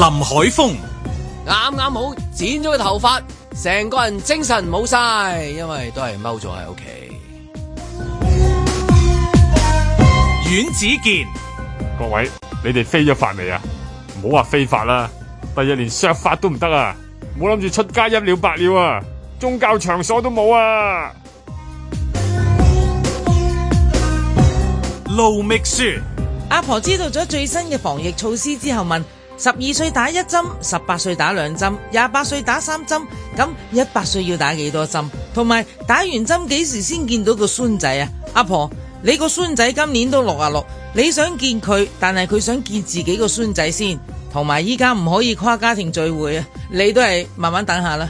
林海峰啱啱好剪咗個頭髮，成個人精神冇晒，因為都係踎咗喺屋企。阮子健，各位你哋飛咗髮未啊？唔好話飛髮啦，第一連削髮都唔得啊！冇諗住出街一了百了啊，宗教場所都冇啊。盧覓雪阿婆知道咗最新嘅防疫措施之後問。十二歲打一針，十八歲打兩針，廿八歲打三針，咁一百歲要打幾多針？同埋打完針幾時先見到個孫仔啊？阿婆，你個孫仔今年都六啊六，你想見佢，但係佢想見自己個孫仔先，同埋依家唔可以跨家庭聚會啊！你都係慢慢等下啦。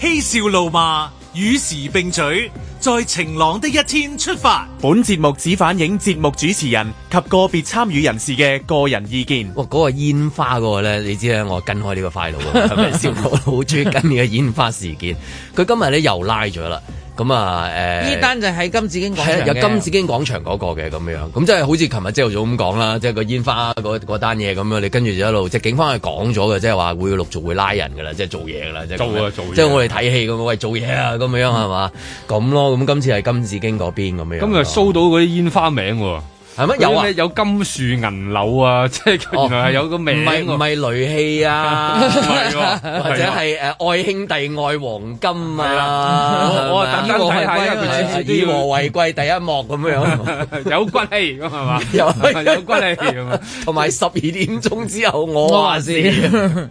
嬉笑怒罵與時並舉。在晴朗的一天出發。本節目只反映節目主持人及個別參與人士嘅個人意見。哇、哦，嗰個煙花嗰個咧，你知咧，我跟開呢個 file 嘅，笑我好中意跟嘅煙花事件。佢今日咧又拉咗啦。咁啊，誒，呢單就喺金紫荊廣場、啊，有金紫荊廣場嗰個嘅咁樣，咁即係好似琴日朝頭早咁講啦，即係個煙花嗰單嘢咁樣，你跟住就一路，即係警方係講咗嘅，即係話會陸續會拉人噶啦，即係做嘢噶啦，即係做嘢做，即係我哋睇戲咁，喂做嘢啊咁樣係嘛，咁咯，咁今次係金紫荊嗰邊咁樣。咁啊，搜到嗰啲煙花名喎。係咩？有有金樹銀柳啊？即係原來係有個名，唔係唔係雷氣啊？或者係誒愛兄弟愛黃金啊？我等等，睇下，以和為貴第一幕咁樣，有骨氣咁係嘛？有有骨氣咁，同埋十二點鐘之後我話先。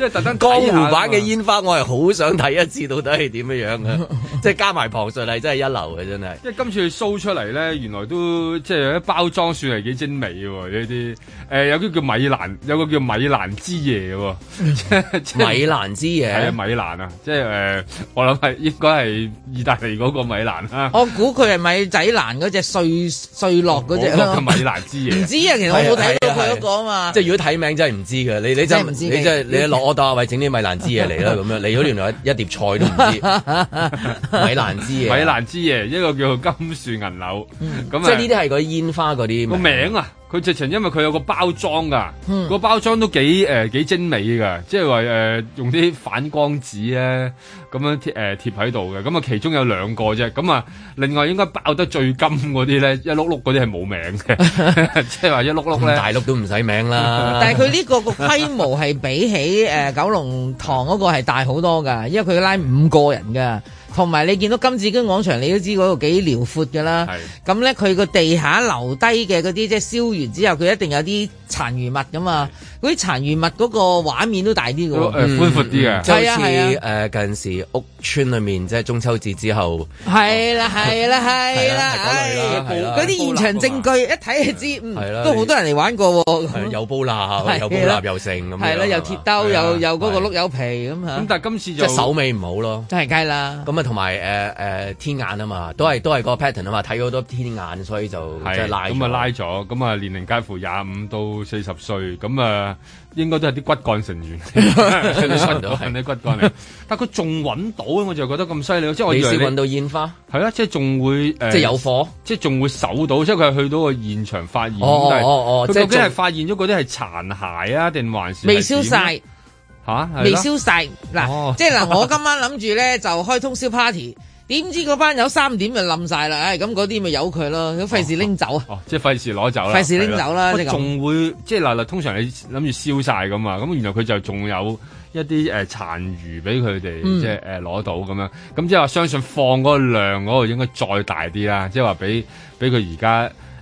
即係特登江湖版嘅煙花，我係好想睇一次，到底係點樣樣嘅？ 即係加埋旁述係真係一流嘅，真係。即係今次去 show 出嚟咧，原來都即係有一包裝算係幾精美嘅喎呢啲。誒、呃、有啲叫米蘭，有個叫米蘭之夜喎。米蘭之夜係 是啊，米蘭啊，即係誒、呃，我諗係應該係意大利嗰個米蘭啦。我估佢係米仔蘭嗰隻碎碎落嗰隻米蘭之夜唔 知道啊，其實我冇睇到佢嗰個啊，啊，啊，啊個嘛。即係如果睇名真係唔知嘅，你你真係你真係你攞。你我到阿偉整啲米蘭枝嘢嚟啦，咁樣你好原來一,一碟菜都唔知 米蘭枝嘢，米蘭枝嘢，一個叫做金樹銀柳，咁、嗯、樣即係呢啲係嗰啲煙花嗰啲名,名啊。佢直情因為佢有個包裝噶，個包裝都幾誒、呃、精美㗎。即係話誒用啲反光紙咧咁樣貼誒貼喺度嘅。咁、呃、啊，其中有兩個啫，咁啊，另外應該爆得最金嗰啲咧，一碌碌嗰啲係冇名嘅，即係話一碌碌咧，大碌都唔使名啦。但係佢呢個個規模係比起、呃、九龍塘嗰個係大好多㗎，因為佢拉五個人㗎。同埋你見到金紫荊廣場，你都知嗰度幾遼闊噶啦。咁是的 呢，佢個地下留低嘅嗰啲即係燒完之後，佢一定有啲殘餘物噶嘛。嗰啲殘餘物嗰個畫面都大啲嘅，誒寬闊啲嘅，就係似近時屋村裏面，即係中秋節之後，係啦係啦係啦，嗰啲現場證據一睇就知，都好多人嚟玩過喎，有煲蠟，有煲蠟又剩咁樣，有鐵兜又嗰個碌柚皮咁咁，但今次就手尾唔好咯，真係梗係啦，咁啊同埋誒天眼啊嘛，都係都係個 pattern 啊嘛，睇咗好多天眼，所以就真係拉咁啊拉咗，咁啊年齡介乎廿五到四十歲，咁啊。應該都係啲骨幹成員，揾啲 算骨幹嚟。但佢仲揾到，我就覺得咁犀利。即係我疑似揾到煙花，係啊，即係仲會，呃、即係有火，即係仲會守到。即係佢係去到個現場發現。哦，哦哦哦，佢究竟係發現咗嗰啲係殘骸是是啊，定還、哦、是？未燒晒，吓？未燒晒？嗱，即係嗱，我今晚諗住咧就開通宵 party。點知嗰班有三點就冧晒啦！唉，咁嗰啲咪由佢咯，咁費事拎走啊、哦哦！即係費事攞走啦，費事拎走啦！仲會即係嗱嗱，通常你諗住燒晒咁嘛，咁原來佢就仲有一啲誒殘餘俾佢哋即係誒攞到咁樣，咁即係話相信放嗰個量嗰度應該再大啲啦，即係話俾俾佢而家。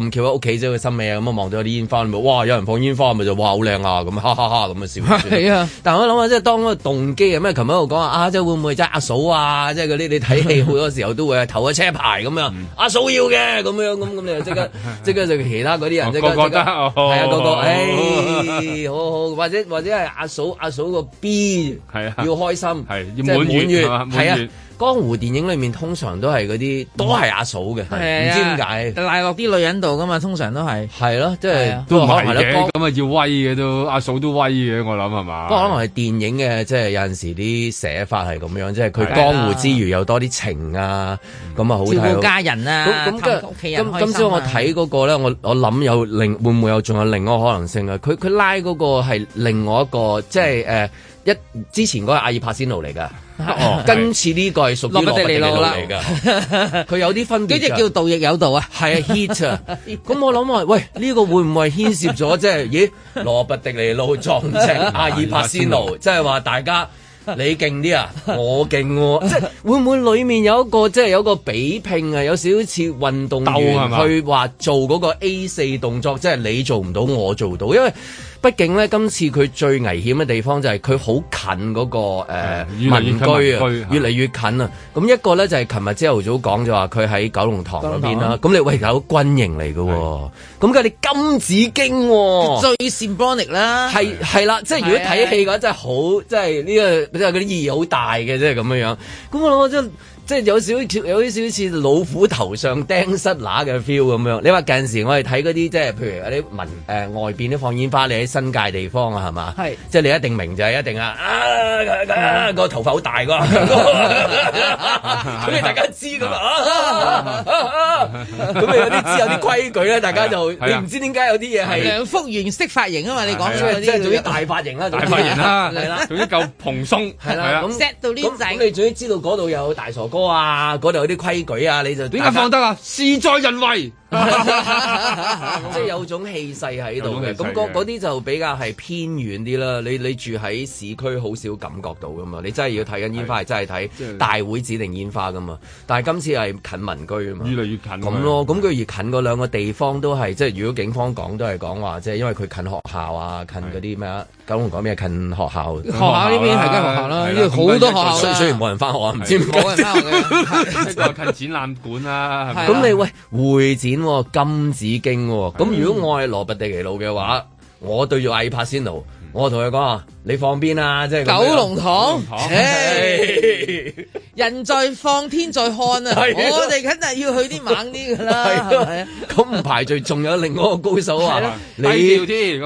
咁企喺屋企啫，佢心咩啊？咁啊，望到啲煙花哇！有人放煙花咪就，哇！好靚啊！咁啊，哈哈哈！咁啊笑。係啊，但係我諗下，即係當嗰個動機啊，咩？琴日我喺度講啊，啊，即係會唔會即係阿嫂啊，即係嗰啲你睇戲好多時候都會投下車牌咁樣，阿嫂要嘅咁樣，咁咁你就即刻即刻就其他嗰啲人，個即都係啊，個個，唉，好好，或者或者係阿嫂阿嫂個 B 係啊，要開心係要滿月係啊。江湖電影裏面通常都係嗰啲，都係阿嫂嘅，唔知點解，拉落啲女人度噶嘛，通常都係。係咯，即係都唔係咁啊要威嘅都，阿嫂都威嘅，我諗係嘛。不過可能係電影嘅，即係有陣時啲寫法係咁樣，即係佢江湖之餘又多啲情啊，咁啊好睇。照顧家人啊，咁係咁。咁今朝我睇嗰個咧，我我諗有另會唔會有仲有另一個可能性啊？佢佢拉嗰個係另外一個，即係誒。一之前嗰個阿爾帕仙奴嚟噶，今 次呢個係屬羅伯迪尼路啦。佢 有啲分別、啊。呢隻 叫道亦有道啊，係啊 hit 啊。咁、 嗯、我諗埋，喂呢、呢個會唔會牽涉咗即係？ 咦，羅伯迪尼路撞正阿爾帕仙奴，即係話大家你勁啲啊，我勁、啊，即係 會唔會裏面有一個即係、就是、有個比拼啊？有少少似運動員鬥是是去話做嗰個 A 四動作，即、就、係、是、你做唔到，我做到，因為。畢竟咧，今次佢最危險嘅地方就係佢好近嗰、那個誒、呃、民居啊，越嚟越近啊。咁、嗯、一個咧就係琴日朝頭早講就話佢喺九龍塘嗰邊啦。咁你喂有軍營嚟㗎，咁家你金子京最 symbolic 啦，係係啦。即係如果睇戲嘅話，的真係好，即係呢個即係嗰啲意義好大嘅，即係咁樣樣。咁我諗我真。即係有少少有啲少似老虎頭上釘蝨乸嘅 feel 咁樣。你話近時我哋睇嗰啲即係譬如嗰啲文誒外邊啲放煙花，你喺新界地方啊，係嘛？係。即係你一定明就係一定啊啊個頭髮好大㗎，咁你大家知㗎。咁你有啲知有啲規矩啦，大家就你唔知點解有啲嘢係復原式髮型啊嘛？你講啲嗰啲，即係做啲大髮型啦，大髮型啦，嚟啦，做啲夠蓬鬆係啦。咁 set 到呢，咁你總之知道嗰度有大傻哇！嗰度有啲規矩啊，你就點解放得啊？事在人為。 即係有種氣勢喺度嘅，咁嗰啲就比較係偏遠啲啦。你你住喺市區好少感覺到噶嘛？你真係要睇緊煙花，係真係睇大會指定煙花噶嘛？但係今次係近民居啊嘛，越嚟越近咁咯。咁佢越近嗰兩個地方都係，即係如果警方講都係講話，即係因為佢近學校啊，近嗰啲咩啊？九龍港邊近學校，學校呢邊係間學校啦，因為好多學校。所以雖,雖然冇人翻學啊，唔知冇人翻學嘅，近展覽館啊。咁 你喂會展？金紫荊，咁如果我係羅拔地奇路嘅話，我對住艾帕仙奴，我同佢講啊。你放邊啊？即係九龍塘，人在放天在看啊！我哋肯定要去啲猛啲噶啦。咁唔排除仲有另外一個高手啊。你你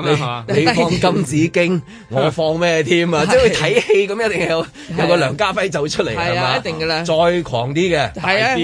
放金紫荊，我放咩添啊？即係睇戲咁，一定有有個梁家輝走出嚟係嘛？一定噶啦。再狂啲嘅大啲，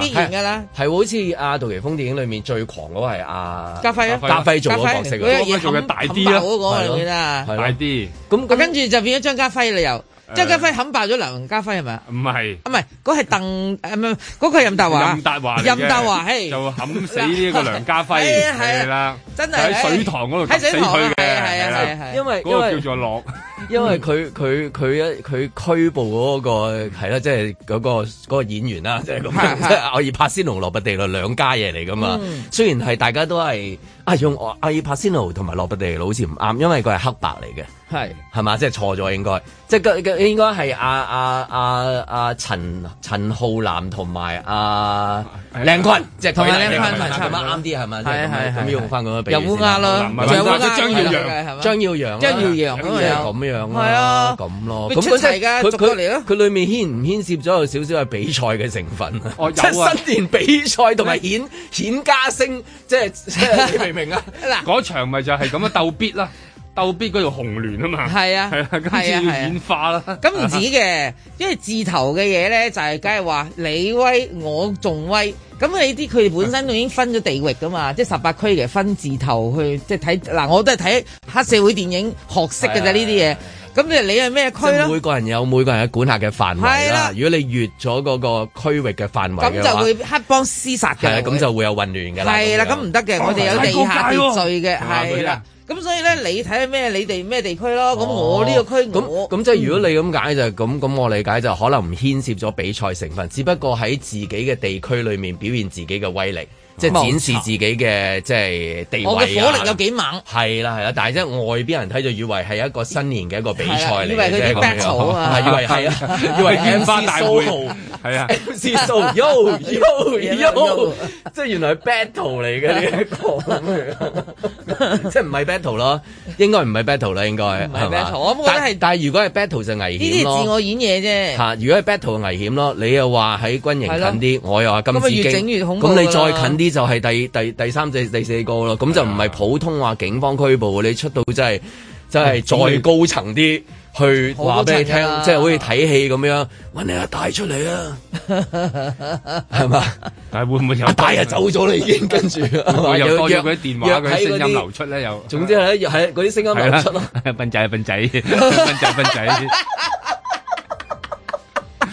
必然噶啦。係好似阿杜琪峰電影裏面最狂嗰個係阿家輝，家輝做嘅角色，家輝做嘅大啲啦，嗰個你啦，大啲咁。咁跟住就變咗張家輝啦又，張家輝冚爆咗梁家輝係咪？唔係，唔係嗰係鄧唔係，嗰個係任達華。任達華，任達華係就冚死呢個個梁家輝係啦，真係喺水塘嗰度死佢嘅，係啦，因為嗰個叫做樂，因為佢佢佢佢拘捕嗰個係啦，即係嗰個演員啦，即係咁，即係我以帕仙奴羅拔地兩家嘢嚟㗎嘛，雖然係大家都係。啊用阿爾柏仙奴同埋羅伯特·老好似唔啱，因為佢係黑白嚟嘅，係係嘛，即係錯咗應該，即係個個應該係阿阿阿阿陳浩南同埋阿靚坤即係同埋靚一班人差唔多啱啲，係咪？係咁用翻咁樣比較。又烏鴉咯，唔係或者張耀揚，係嘛？張耀揚張耀揚咁係咁樣咁咯。咁佢即係佢佢佢裏面牽唔牽涉咗有少少係比賽嘅成分新年比賽同埋顯顯加星，即即係。明啊嗱，嗰 場咪就係咁樣鬥逼啦， 鬥逼嗰條紅聯啊嘛，係啊，係 啊，跟係演化啦。咁唔、啊、止嘅，因為字頭嘅嘢咧，就係梗係話你威我仲威，咁你啲佢哋本身都已經分咗地域噶嘛，即係十八區嘅分字頭去即係睇嗱，我都係睇黑社會電影 學識嘅啫呢啲嘢。咁你你係咩區咯？每個人有每個人嘅管轄嘅範圍啦。如果你越咗嗰個區域嘅範圍嘅話，咁就會黑幫廝殺嘅。係啊，咁就會有混亂噶啦。係啦，咁唔得嘅，我哋有地下秩序嘅係啦。咁所以咧，你睇咩？你哋咩地區咯？咁我呢個區，咁咁即係如果你咁解就咁咁，我理解就可能唔牽涉咗比賽成分，只不過喺自己嘅地區裏面表現自己嘅威力。即係展示自己嘅即係地位啊！我火力有幾猛？係啦係啦，但係即係外邊人睇就以為係一個新年嘅一個比賽嚟嘅一個啊！以為係啊，以為 MC 大會係啊，即係原來係 battle 嚟嘅呢一個，即係唔係 battle 咯？應該唔係 battle 啦，應該唔係 battle。但係如果係 battle 就危險咯。呢啲自我演嘢啫。嚇！如果係 battle 就危險咯。你又話喺軍營近啲，我又話咁已經咁，你再近啲。呢就係第第第三、第第四個咯，咁就唔係普通話警方拘捕，你出到真係真係再高層啲去話俾你聽，啊、即係好似睇戲咁樣，搵你阿大出嚟啊，係嘛 吧？但係會唔會阿大又走咗啦？已經跟住又多咗嗰啲電話嘅聲音流出咧？又總之係係嗰啲聲音流出咯。笨仔啊，笨、啊、仔，笨仔，笨仔。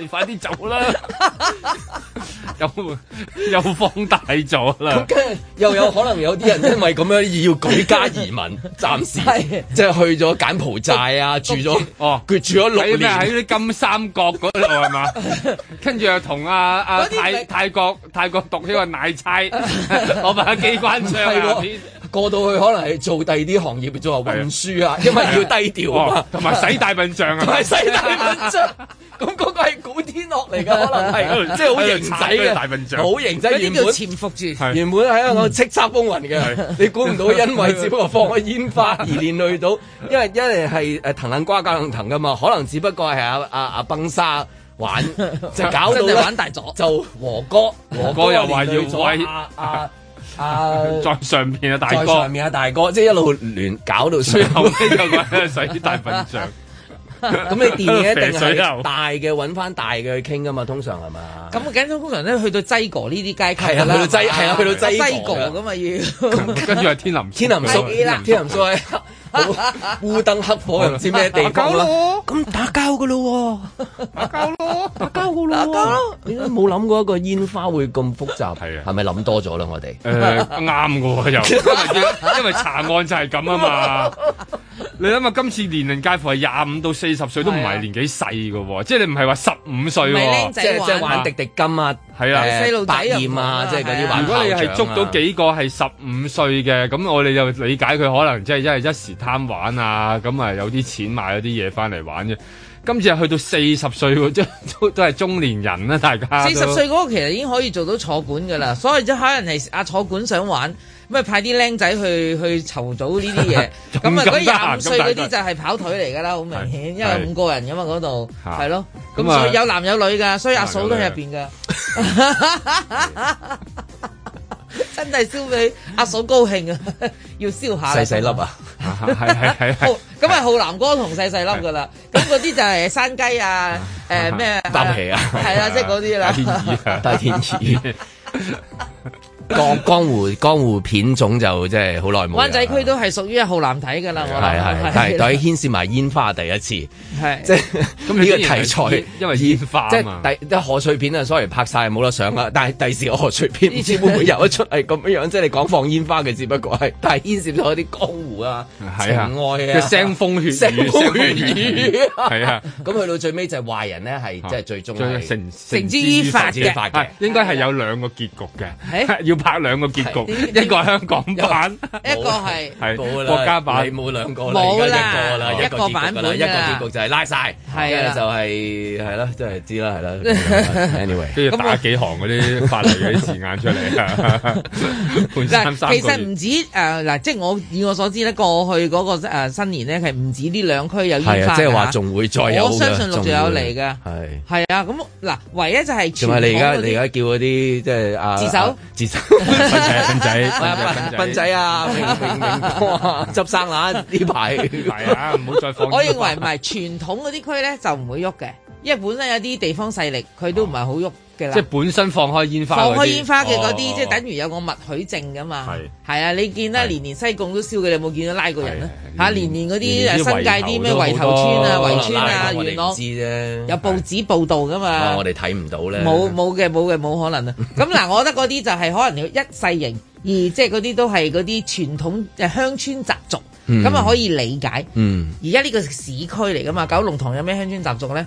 你快啲走啦！又又放大咗啦，又有可能有啲人因為咁樣而要舉家移民，暫時即係、就是、去咗柬埔寨啊，住咗哦，佢住咗六年喺啲金三角嗰度係嘛？跟住又同啊阿、啊、泰泰國泰國讀起個奶差、啊啊，我買機關槍過到去可能係做第二啲行業，做做運輸啊，的因為要低調、哦、啊，同埋、啊、使大笨象啊，同埋使大笨象。咁嗰個係古天樂嚟噶，可能係即係好型仔嘅，大笨象，好型仔，原本潛伏住，原本喺香港叱咤風雲嘅，你估唔到因為只不過放個煙花而連累到，因為因為係誒藤捻瓜夾捻藤噶嘛，可能只不過係阿阿阿崩沙玩，就搞到玩大咗，就和哥和哥又話要再阿阿再上面啊大哥，上面啊大哥，即係一路亂搞到最後呢個死大笨象。咁你電影一定係大嘅，搵翻大嘅去傾噶嘛？通常係嘛？咁梗係通常咧，去到劑哥呢啲階級啦，去到劑係啊，去到劑哥咁嘛要。跟住係天林，天林唔熟，天林唔熟，烏燈黑火又唔知咩地？打交咯，咁打交噶咯喎，打交咯，打交噶咯喎，你都冇諗過一個煙花會咁複雜係啊？係咪諗多咗啦？我哋誒啱嘅又，因為查案就係咁啊嘛。你諗下、啊，今次年齡介乎係廿五到四十歲都唔係年紀細㗎喎，啊、即係你唔係話十五歲，即係玩滴滴金啊，係啊，大驗、呃、啊，即係嗰啲玩、啊。如果你係捉到幾個係十五歲嘅，咁我哋就理解佢可能即係真係一時貪玩啊，咁啊有啲錢買咗啲嘢翻嚟玩嘅。今次係去到四十歲，即都都都係中年人啦、啊，大家四十歲嗰個其實已經可以做到坐館㗎啦， 所以即可能係阿坐館想玩，咪派啲僆仔去去籌組呢啲嘢？咁啊嗰啲廿五歲嗰啲就係跑腿嚟噶啦，好明顯，因為五個人噶嘛嗰度，係咯。咁啊，有男有女噶，所以阿嫂都喺入邊噶，真係燒俾阿嫂高興啊！要燒下細細粒啊，係係係。咁啊，浩南哥同細細粒噶啦。咁嗰啲就係山雞啊，誒咩？擔皮啊，係啦，即係嗰啲啦。大天子，江江湖江湖片種就真係好耐冇，灣仔區都係屬於一號難睇㗎啦，我係，但係佢牽涉埋煙花第一次，即係呢個題材，因為煙花啊嘛，即係賀歲片啊，所以拍晒冇得上啦。但係第時個賀歲片，呢次會唔會由得出係咁樣？即係你講放煙花嘅，只不過係，但係牽涉咗啲江湖啊、情愛啊嘅腥風血雨，係啊。咁去到最尾就係壞人咧，係即係最終，成成之於法應該係有兩個結局嘅，要。拍兩個結局，一個香港版，一個係國家版，冇兩個啦，一個版本啦，一個結局就係拉曬，係啊，就係係咯，即係知啦，係啦。Anyway，跟住打幾行嗰啲法例嗰啲字眼出嚟。嗱，其實唔止誒嗱，即係我以我所知咧，過去嗰個誒新年咧，係唔止呢兩區有熱發嚇，係啊，即係話仲會再有，我相信陸續有嚟嘅，係係啊，咁嗱，唯一就係，同埋你而家你而家叫嗰啲即係啊，自首自首。笨仔，笨仔，笨仔啊！執生、啊啊啊、 啦，呢排係啊，唔好再放。我認為唔係傳統嗰啲區咧，就唔會喐嘅，因為本身有啲地方勢力，佢都唔係好喐。即係本身放開煙花，放開煙花嘅嗰啲，即係等於有個默許證噶嘛。係係啊，你見啦，年年西貢都燒嘅，你有冇見到拉過人咧？嚇，年年嗰啲新界啲咩圍頭村啊、圍村啊，元朗啊。有報紙報道噶嘛？我哋睇唔到咧。冇冇嘅，冇嘅，冇可能啊！咁嗱，我覺得嗰啲就係可能一世型，而即係嗰啲都係嗰啲傳統誒鄉村習俗，咁啊可以理解。嗯。而家呢個市區嚟噶嘛？九龍塘有咩鄉村習俗咧？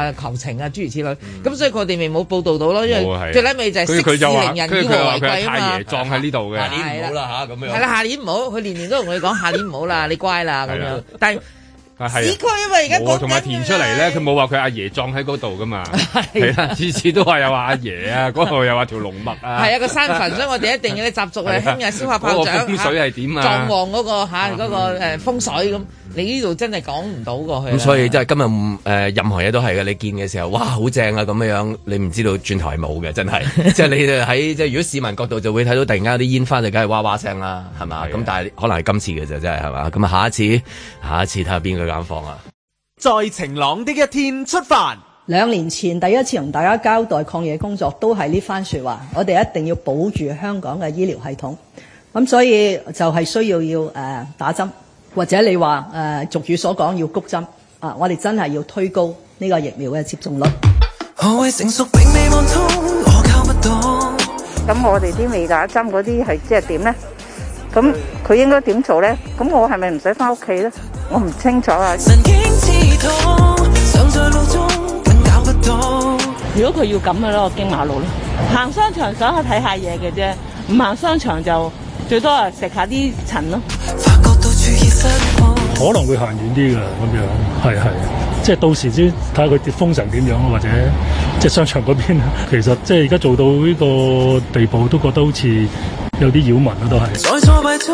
求情啊，諸如此類，咁所以佢哋咪冇報道到咯，因為最尾咪就係佢時名人要為貴啊太爺葬喺呢度嘅，下年唔好啦嚇，咁樣係啦，下年唔好，佢年年都同佢講，下年唔好啦，你乖啦咁樣。但係，市區因為，而家同埋填出嚟咧，佢冇話佢阿爺葬喺嗰度噶嘛，係啦，次次都話有話阿爺啊，嗰度又話條龍脈啊，係啊，個山神，所以我哋一定要啲習俗啊，今日先發拍掌嚇，水係點啊，藏旺嗰個嚇，嗰個風水咁。你呢度真係講唔到過去，咁所以即係今日誒、呃、任何嘢都係嘅。你見嘅時候，哇，好正啊咁樣你唔知道轉台冇嘅，真係。即係 你喺即係，即係、如果市民角度就會睇到突然間啲煙花，就梗係哇哇聲啦，係嘛？咁但係可能係今次嘅啫真係係嘛？咁啊，下一次下一次睇下邊個敢放啊！在晴朗的一天出發。兩年前第一次同大家交代抗疫工作，都係呢番說話。我哋一定要保住香港嘅醫療系統，咁所以就係需要要誒、呃、打針。或者你話誒，俗語所講要谷針啊，我哋真係要推高呢個疫苗嘅接種率。咁我哋啲未打針嗰啲係即係點咧？咁佢應該點做咧？咁我係咪唔使翻屋企咧？我唔清楚啊。如果佢要咁嘅咯，我驚馬路咯。行商場想去睇下嘢嘅啫，唔行商場就最多啊食下啲塵咯。可能會行遠啲㗎，咁樣係係，即係、就是、到時先睇下佢啲風神點樣，或者即係商場嗰邊，其實即係而家做到呢個地步，都覺得好似有啲擾民咯，都係。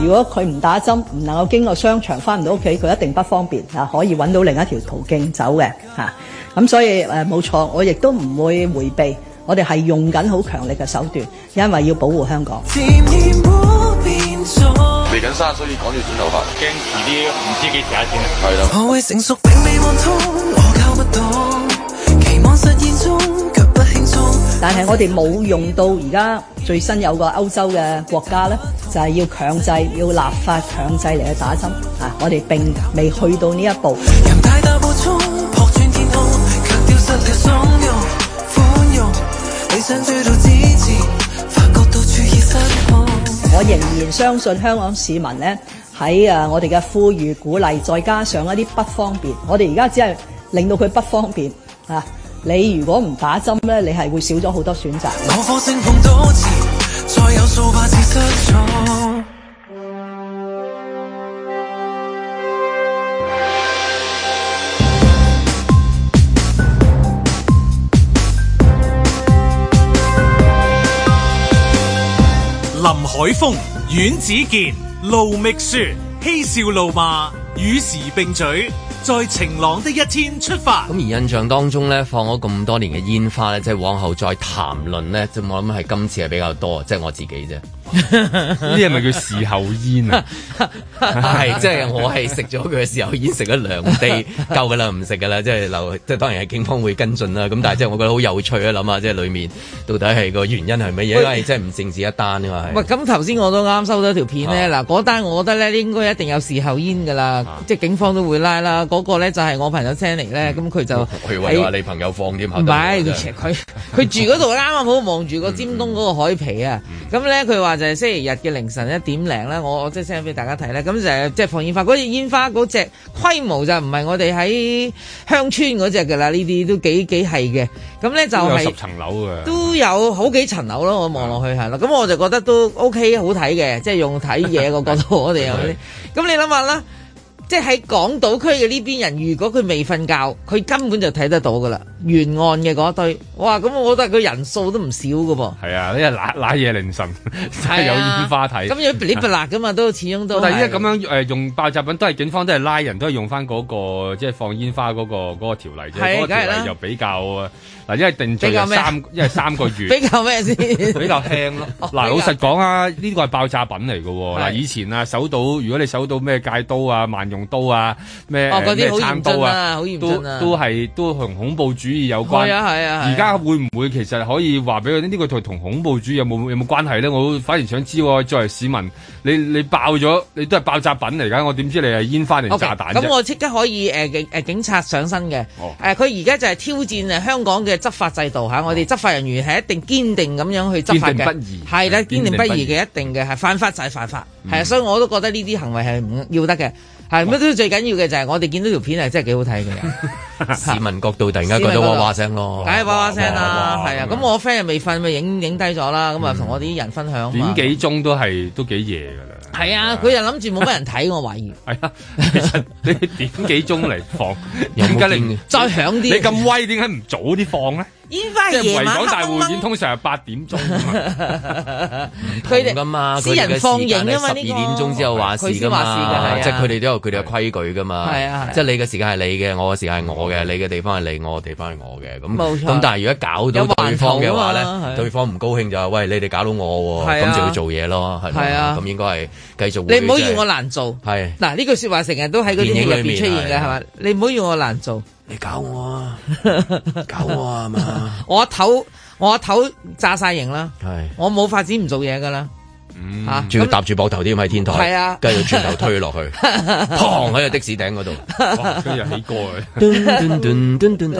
如果佢唔打針，唔能夠經過商場翻唔到屋企，佢一定不方便。啊，可以搵到另一條途徑走嘅吓，咁、啊、所以誒冇錯，我亦都唔會回避。我哋係用緊好強力嘅手段，因為要保護香港。嚟緊生，所以趕住剪頭髮，驚遲啲唔知幾時開始。係咯。不輕，但係我哋冇用到而家最新有個歐洲嘅國家咧，就係、是、要強制要立法強制嚟去打針啊！我哋並未去到呢一步。我仍然相信香港市民咧，喺啊我哋嘅呼籲、鼓勵，再加上一啲不方便，我哋而家只係令到佢不方便嚇、啊。你如果唔打針咧，你係會少咗好多選擇。林海峰、阮子健、盧覓雪，嬉笑怒罵，與時並舉，在晴朗的一天出發。咁而印象當中咧，放咗咁多年嘅煙花咧，即係往後再談論咧，就我諗係今次係比較多，即係我自己啫。呢啲係咪叫事後煙啊？係即係我係食咗佢嘅事後煙，食咗兩地夠噶啦，唔食噶啦。即係留，即係當然係警方會跟進啦。咁但係即係我覺得好有趣啊，諗下即係裏面到底係個原因係乜嘢？因為真係唔淨止一單啊嘛。喂，咁頭先我都啱收到條片呢。嗱，嗰單我覺得呢應該一定有事後煙噶啦，即係警方都會拉啦。嗰個呢就係我朋友 send 嚟呢。咁佢就佢話你朋友放啲唔佢住嗰度啱啱好望住個尖東嗰個海皮啊，咁呢，佢話。就係星期日嘅凌晨一點零啦，我即係 send 俾大家睇咧。咁就係即係放煙花，嗰隻煙花嗰隻規模就唔係我哋喺鄉村嗰隻㗎啦。呢啲都幾幾係嘅。咁咧就係都有十層樓嘅，都有好幾層樓咯。我望落去係咯。咁我就覺得都 OK，好睇嘅。即係用睇嘢個角度，我，我哋咁你諗下啦。即係喺港島區嘅呢邊人，如果佢未瞓覺，佢根本就睇得到噶啦，沿岸嘅嗰堆，哇！咁我覺得佢人數都唔少噶噃。係啊，呢啲拉拉嘢凌晨， 啊、真係有煙花睇。咁要噼里啪啦噶嘛，都始終都是。但係而家咁樣誒、呃、用爆炸品，都係警方都係拉人，都係用翻、那、嗰個即係放煙花嗰、那個嗰、那個、條例啫，嗰、啊、個條例又比較。嗱，因為定罪三，因為三個月比較咩先？比較輕咯。嗱，老實講啊，呢個係爆炸品嚟㗎喎。嗱，以前啊，手到如果你手到咩戒刀啊、萬用刀啊、咩啲餐刀啊，都都係都同恐怖主義有關。係啊，係啊，係啊，而家會唔會其實可以話俾佢？呢個同恐怖主義有冇有冇關係咧？我反而想知喎。作為市民，你你爆咗，你都係爆炸品嚟噶。我點知你係煙花嚟炸彈？咁我即刻可以誒警警察上身嘅。誒，佢而家就係挑戰誒香港嘅。執法制度嚇，我哋執法人員係一定堅定咁樣去執法嘅，係啦，堅定不移嘅，一定嘅係犯法就係犯法，係啊，所以我都覺得呢啲行為係唔要得嘅，係乜都最緊要嘅就係我哋見到條片係真係幾好睇嘅，市民角度突然間覺得「哇哇聲咯，梗係哇哇聲啦，係啊，咁我 friend 又未瞓咪影影低咗啦，咁啊同我啲人分享，點幾鐘都係都幾夜㗎啦。係啊，佢又諗住冇乜人睇，我懷疑。係啊，其實你點幾鐘嚟放？點解 你再響啲？有有你咁威，點解唔早啲放咧？煙花夜晚黑大會演通常係八點鐘。佢哋噶嘛，私人放映噶嘛。十二點鐘之後話事噶嘛，即係佢哋都有佢哋嘅規矩噶嘛。係啊，即係你嘅時間係你嘅，我嘅時間係我嘅，你嘅地方係你，我嘅地方係我嘅。咁冇錯。咁但係如果搞到對方嘅話咧，對方唔高興就話：，喂，你哋搞到我，咁就要做嘢咯。係啊，咁應該係繼續。你唔好要我難做。係嗱，呢句說話成日都喺嗰電影入邊出現嘅，係嘛？你唔好要我難做。你搞我啊， 搞我啊 嘛！我頭我頭炸晒型啦，是我冇法展唔做嘢噶啦。仲要搭住膊頭添喺天台，係啊，繼續拳頭推落去，砰喺個的士頂嗰度，跟住起歌，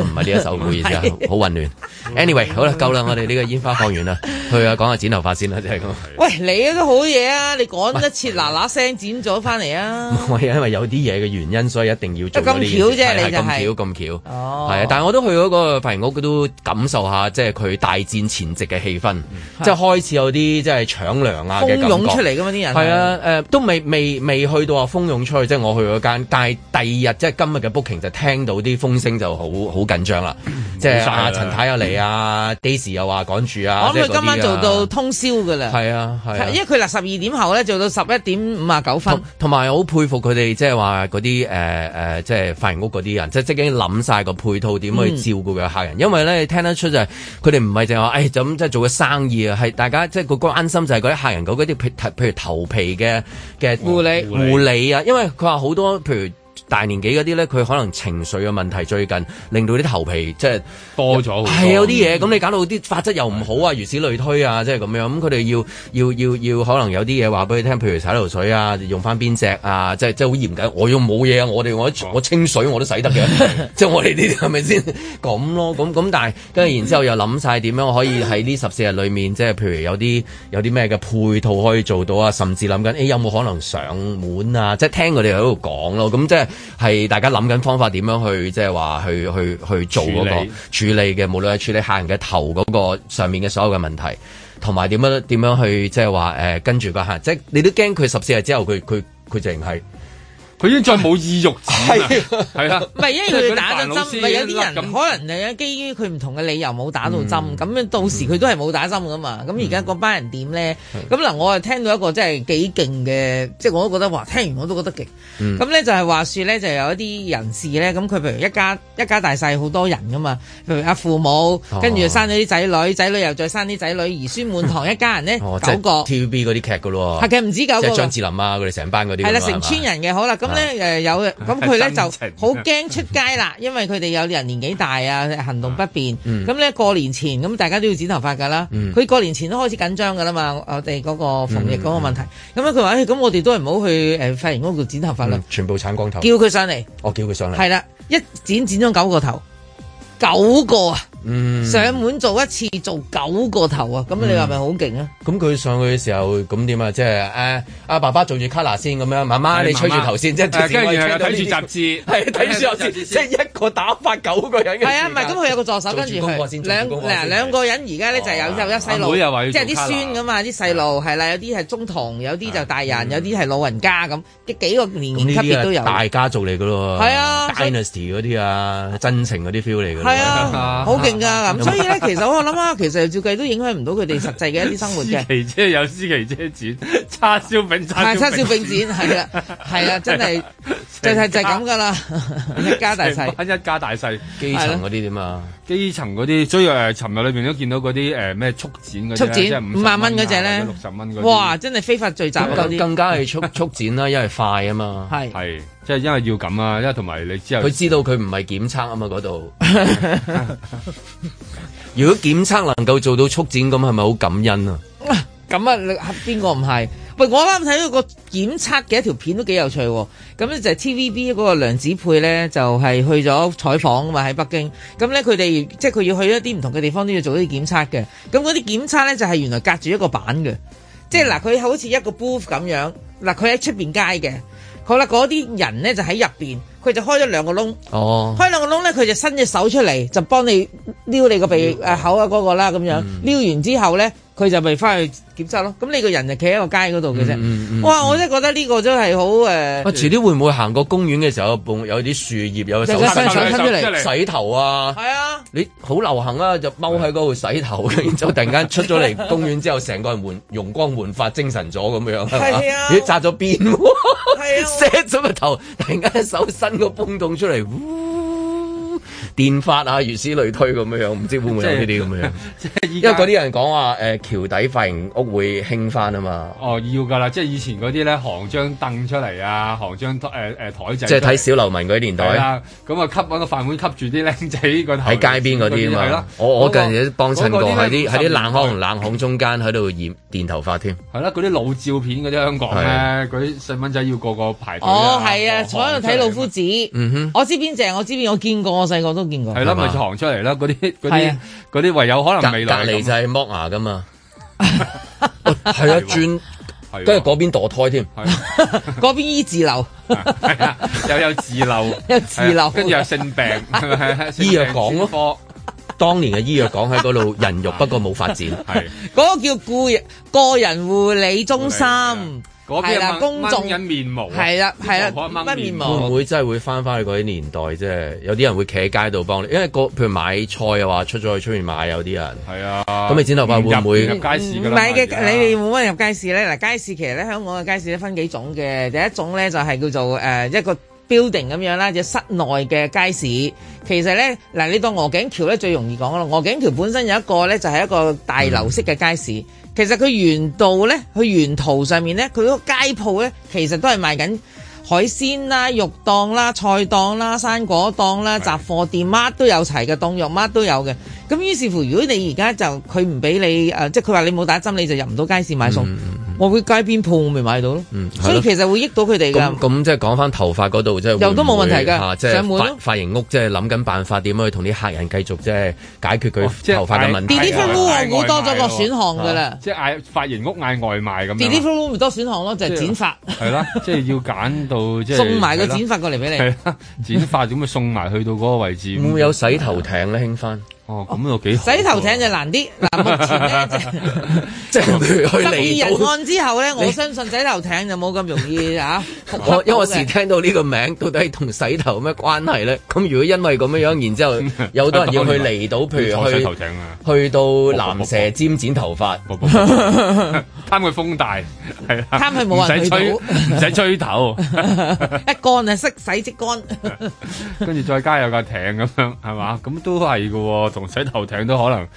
唔係呢一首唔好意思啊，好混亂。Anyway，好啦，夠啦，我哋呢個煙花放完啦，去啊講下剪頭髮先啦，即係咁。喂，你都好嘢啊！你趕得切嗱嗱聲剪咗翻嚟啊！我係因為有啲嘢嘅原因，所以一定要做咁巧啫，你就係咁巧咁巧，係啊。但係我都去嗰個髮型屋，都感受下即係佢大戰前夕嘅氣氛，即係開始有啲即係搶糧啊。蜂擁出嚟噶嘛，啲人係啊，誒、呃、都未未未去到啊蜂擁出去，即、就、係、是、我去嗰間。但係第二日即係、就是、今日嘅 booking 就聽到啲風聲就好好緊張啦。嗯、即係阿、啊、陳太又嚟啊，Daisy 又話趕住啊。嗯、啊我諗佢今晚、啊、做到通宵㗎啦。係啊，啊啊因為佢嗱十二點後咧做到十一點五十九分。同埋好佩服佢哋即係話嗰啲誒誒，即係髮型屋嗰啲人，即係即已經諗晒個配套點去照顧嘅客人。嗯、因為咧聽得出就係佢哋唔係淨係話，誒、哎、就即係做個生意啊，係大家即係、就是、個關心就係嗰啲客人嗰啲譬譬如頭皮嘅嘅護理護理啊，狸因為佢話好多譬如。大年紀嗰啲咧，佢可能情緒嘅問題最近令到啲頭皮即係多咗，係有啲嘢咁你搞到啲髮質又唔好啊，嗯、如此類推啊，即係咁樣。咁佢哋要要要要可能有啲嘢話俾你聽，譬如洗頭水啊，用翻邊隻啊，即係即係好嚴謹。我要冇嘢啊，我哋我清水我都洗得嘅， 即係我哋呢啲係咪先咁咯？咁咁但係跟住然之後又諗晒點樣可以喺呢十四日裏面，即係譬如有啲有啲咩嘅配套可以做到啊，甚至諗緊誒有冇可能上門啊？即係聽佢哋喺度講咯，咁即係大家諗緊方法點樣去即係話去去去做嗰個處理嘅，無論係處理客人嘅頭嗰個上面嘅所有嘅問題，同埋點樣點樣去即係話誒跟住個客人，即係你都驚佢十四日之後佢佢佢淨係。佢已經再冇意欲知啦，係啊，唔係因為佢打咗針，唔係有啲人可能基於佢唔同嘅理由冇打到針，咁到時佢都係冇打針噶嘛。咁而家嗰班人點咧？咁嗱，我誒聽到一個真係幾勁嘅，即係我都覺得話，聽完我都覺得勁。咁咧就係話說咧，就有一啲人士咧，咁佢譬如一家一家大細好多人噶嘛，譬如阿父母，跟住又生咗啲仔女，仔女又再生啲仔女，兒孫滿堂一家人咧，九個 TVB 啲劇，噶咯，唔止張智霖啊，佢哋成班啲，係啦，成村人嘅，好啦。咁咧有，咁佢咧就好驚出街啦，因為佢哋有啲人年紀大啊，行動不便。咁咧、嗯、過年前，咁大家都要剪頭髮㗎啦。佢、嗯、過年前都開始緊張㗎啦嘛，我哋嗰個防疫嗰個問題。咁佢話，咁、嗯哎、我哋都唔好去誒髮型屋度剪頭髮啦、嗯。全部鏟光頭。叫佢上嚟。我叫佢上嚟。係啦，一剪剪咗九個頭，九個啊！嗯，上門做一次做九個頭啊！咁你話咪好勁啊？咁佢上去嘅時候咁點啊？即係誒阿爸爸做住卡拉先咁樣，媽媽你吹住頭先，即係跟住又睇住雜誌，係睇書又先，即係一個打發九個人。係啊，唔係咁佢有個助手跟住佢兩兩個人，而家咧就有有一細路，即係啲孫咁啊，啲細路係啦，有啲係中堂，有啲就大人，有啲係老人家咁，啲幾個年級都有大家族嚟嘅咯，係啊，dynasty 嗰啲啊，真情嗰啲 feel 嚟嘅，係啊，好勁。咁， 所以咧，其實我諗啊，其實照計都影響唔到佢哋實際嘅一啲生活嘅。司棋 姐有司棋姐剪叉燒餅，叉燒餅剪係啦，係啊，真係 家就係就係咁噶啦， 一家大細。一家大細，基層嗰啲點啊？基層嗰啲，所以誒，尋日裏面都見到嗰啲誒咩速展嗰啲，速展，即係五萬蚊嗰隻咧，六十蚊嗰啲，呢哇！真係非法聚集嗰啲，更加係速 速展啦，因為快啊嘛，係是，即係因為要咁啊，因為同埋你知道，佢知道佢唔係檢測啊嘛，嗰度， 如果檢測能夠做到速展咁，係咪好感恩啊？咁 啊，你邊個唔係？我啱啱睇到個檢測嘅一條片都幾有趣喎，咁咧就係 TVB 嗰個梁子佩咧就係、是、去咗採訪啊嘛喺北京，咁咧佢哋即係佢要去一啲唔同嘅地方都要做一啲檢測嘅，咁嗰啲檢測咧就係、是、原來隔住一個板嘅，即係嗱佢好似一個 booth 咁樣，嗱佢喺出邊街嘅，好啦嗰啲人咧就喺入邊。佢就開咗兩個窿，哦、開兩個窿咧佢就伸隻手出嚟就幫你撩你個鼻撩我、啊那個鼻口啊嗰個啦咁樣，嗯、撩完之後咧。佢就咪翻去檢測咯，咁你個人就企喺個街嗰度嘅啫。嗯嗯嗯、哇！我真係覺得呢個真係好誒。我遲啲會唔會行過公園嘅時候，有啲樹葉有隻手伸、嗯、出嚟洗頭啊？係啊！你好流行啊，就踎喺嗰度洗頭，的然之後突然間出咗嚟公園之後，成個人換容光煥發、精神咗咁樣。係的、哎、啊，你紮咗辮，set 咗個頭，突然間手伸個空洞出嚟。電發啊，如此類推咁樣樣，我唔知會唔會有呢啲咁樣？即係依，因為嗰啲人講話誒橋底髮型屋會興返啊嘛。哦，要㗎啦，即係以前嗰啲咧，行張凳出嚟啊，行張誒誒台仔，即係睇小流民嗰啲年代。咁啊吸嗰個飯碗吸住啲僆仔個頭喺街邊嗰啲啊嘛。我我近日幫襯過喺啲喺啲冷巷同冷巷中間喺度染電頭髮添。係啦，嗰啲老照片嗰啲香港咧，嗰啲細蚊仔要個個排隊。哦，係啊，坐喺度睇老夫子。嗯哼，我知邊隻，我知邊，我見過，我細個都。係啦，咪行出嚟啦！嗰啲嗰啲嗰啲，唯有可能未嚟就係剝牙㗎嘛，係啊，轉跟住嗰邊墮胎添，嗰邊醫自流，係啊，又有自流，有自流，跟住又性病，醫藥講咯。 當年嘅醫藥講喺嗰度人肉， 不過冇發展 是的，係嗰 個叫顧人個人護理中心，係啦，公眾的的面毛，係啦，係啦，乜面毛會唔會真係會返返去嗰啲年代啫？有啲人會企喺街度幫你，因為個譬如買菜又話出咗去出面買，有啲人係啊，咁的你剪頭髮會唔會？唔街市唔係嘅，你哋冇乜入街市咧。嗱的街，街市其實咧，香港嘅街市咧分幾種嘅，第一種咧就係叫做誒一個。Building 咁樣啦，就室內嘅街市，其實呢，嗱，你當鵝頸橋呢，最容易講喇。鵝頸橋本身有一個呢，就係、是、一個大樓式嘅街市。嗯、其實佢沿道呢，佢沿途上面呢，佢嗰個街鋪呢，其實都係賣緊海鮮啦、肉檔啦、菜檔啦、生果檔啦、雜貨是的 店乜都有齊嘅，凍肉乜都有嘅。咁於是乎，如果你而家就佢唔俾你、呃、即係佢話你冇打針你就入唔到街市買餸。嗯買我去街邊鋪，我咪買到咯。嗯，所以其實會益到佢哋噶。咁即係講翻頭髮嗰度，即係又都冇問題噶。即係上門髮型屋，即係諗緊辦法點樣去同啲客人繼續即係解決佢頭髮嘅問題。Delivery 我估多咗個選項噶啦。即係嗌髮型屋嗌外賣咁。Delivery 多選項咯，就係剪髮。係啦，即係要揀到即係送埋個剪髮過嚟俾你。剪髮點會送埋去到嗰個位置。會唔會有洗頭艇咧，興翻。哦，咁又幾洗頭艇就難啲嗱，目前咧即係十二人案之後咧，我相信洗頭艇就冇咁容易啊！我因為時聽到呢個名，到底係同洗頭有咩關係咧？咁如果因為咁樣，然之後有好多人要去離島，譬如去去到藍蛇尖剪頭髮，貪佢風大係啦，貪佢冇人去到，唔使吹頭，一乾啊，即洗即乾，跟住再加有架艇咁樣，係嘛？咁都係噶。同洗頭艇都可能，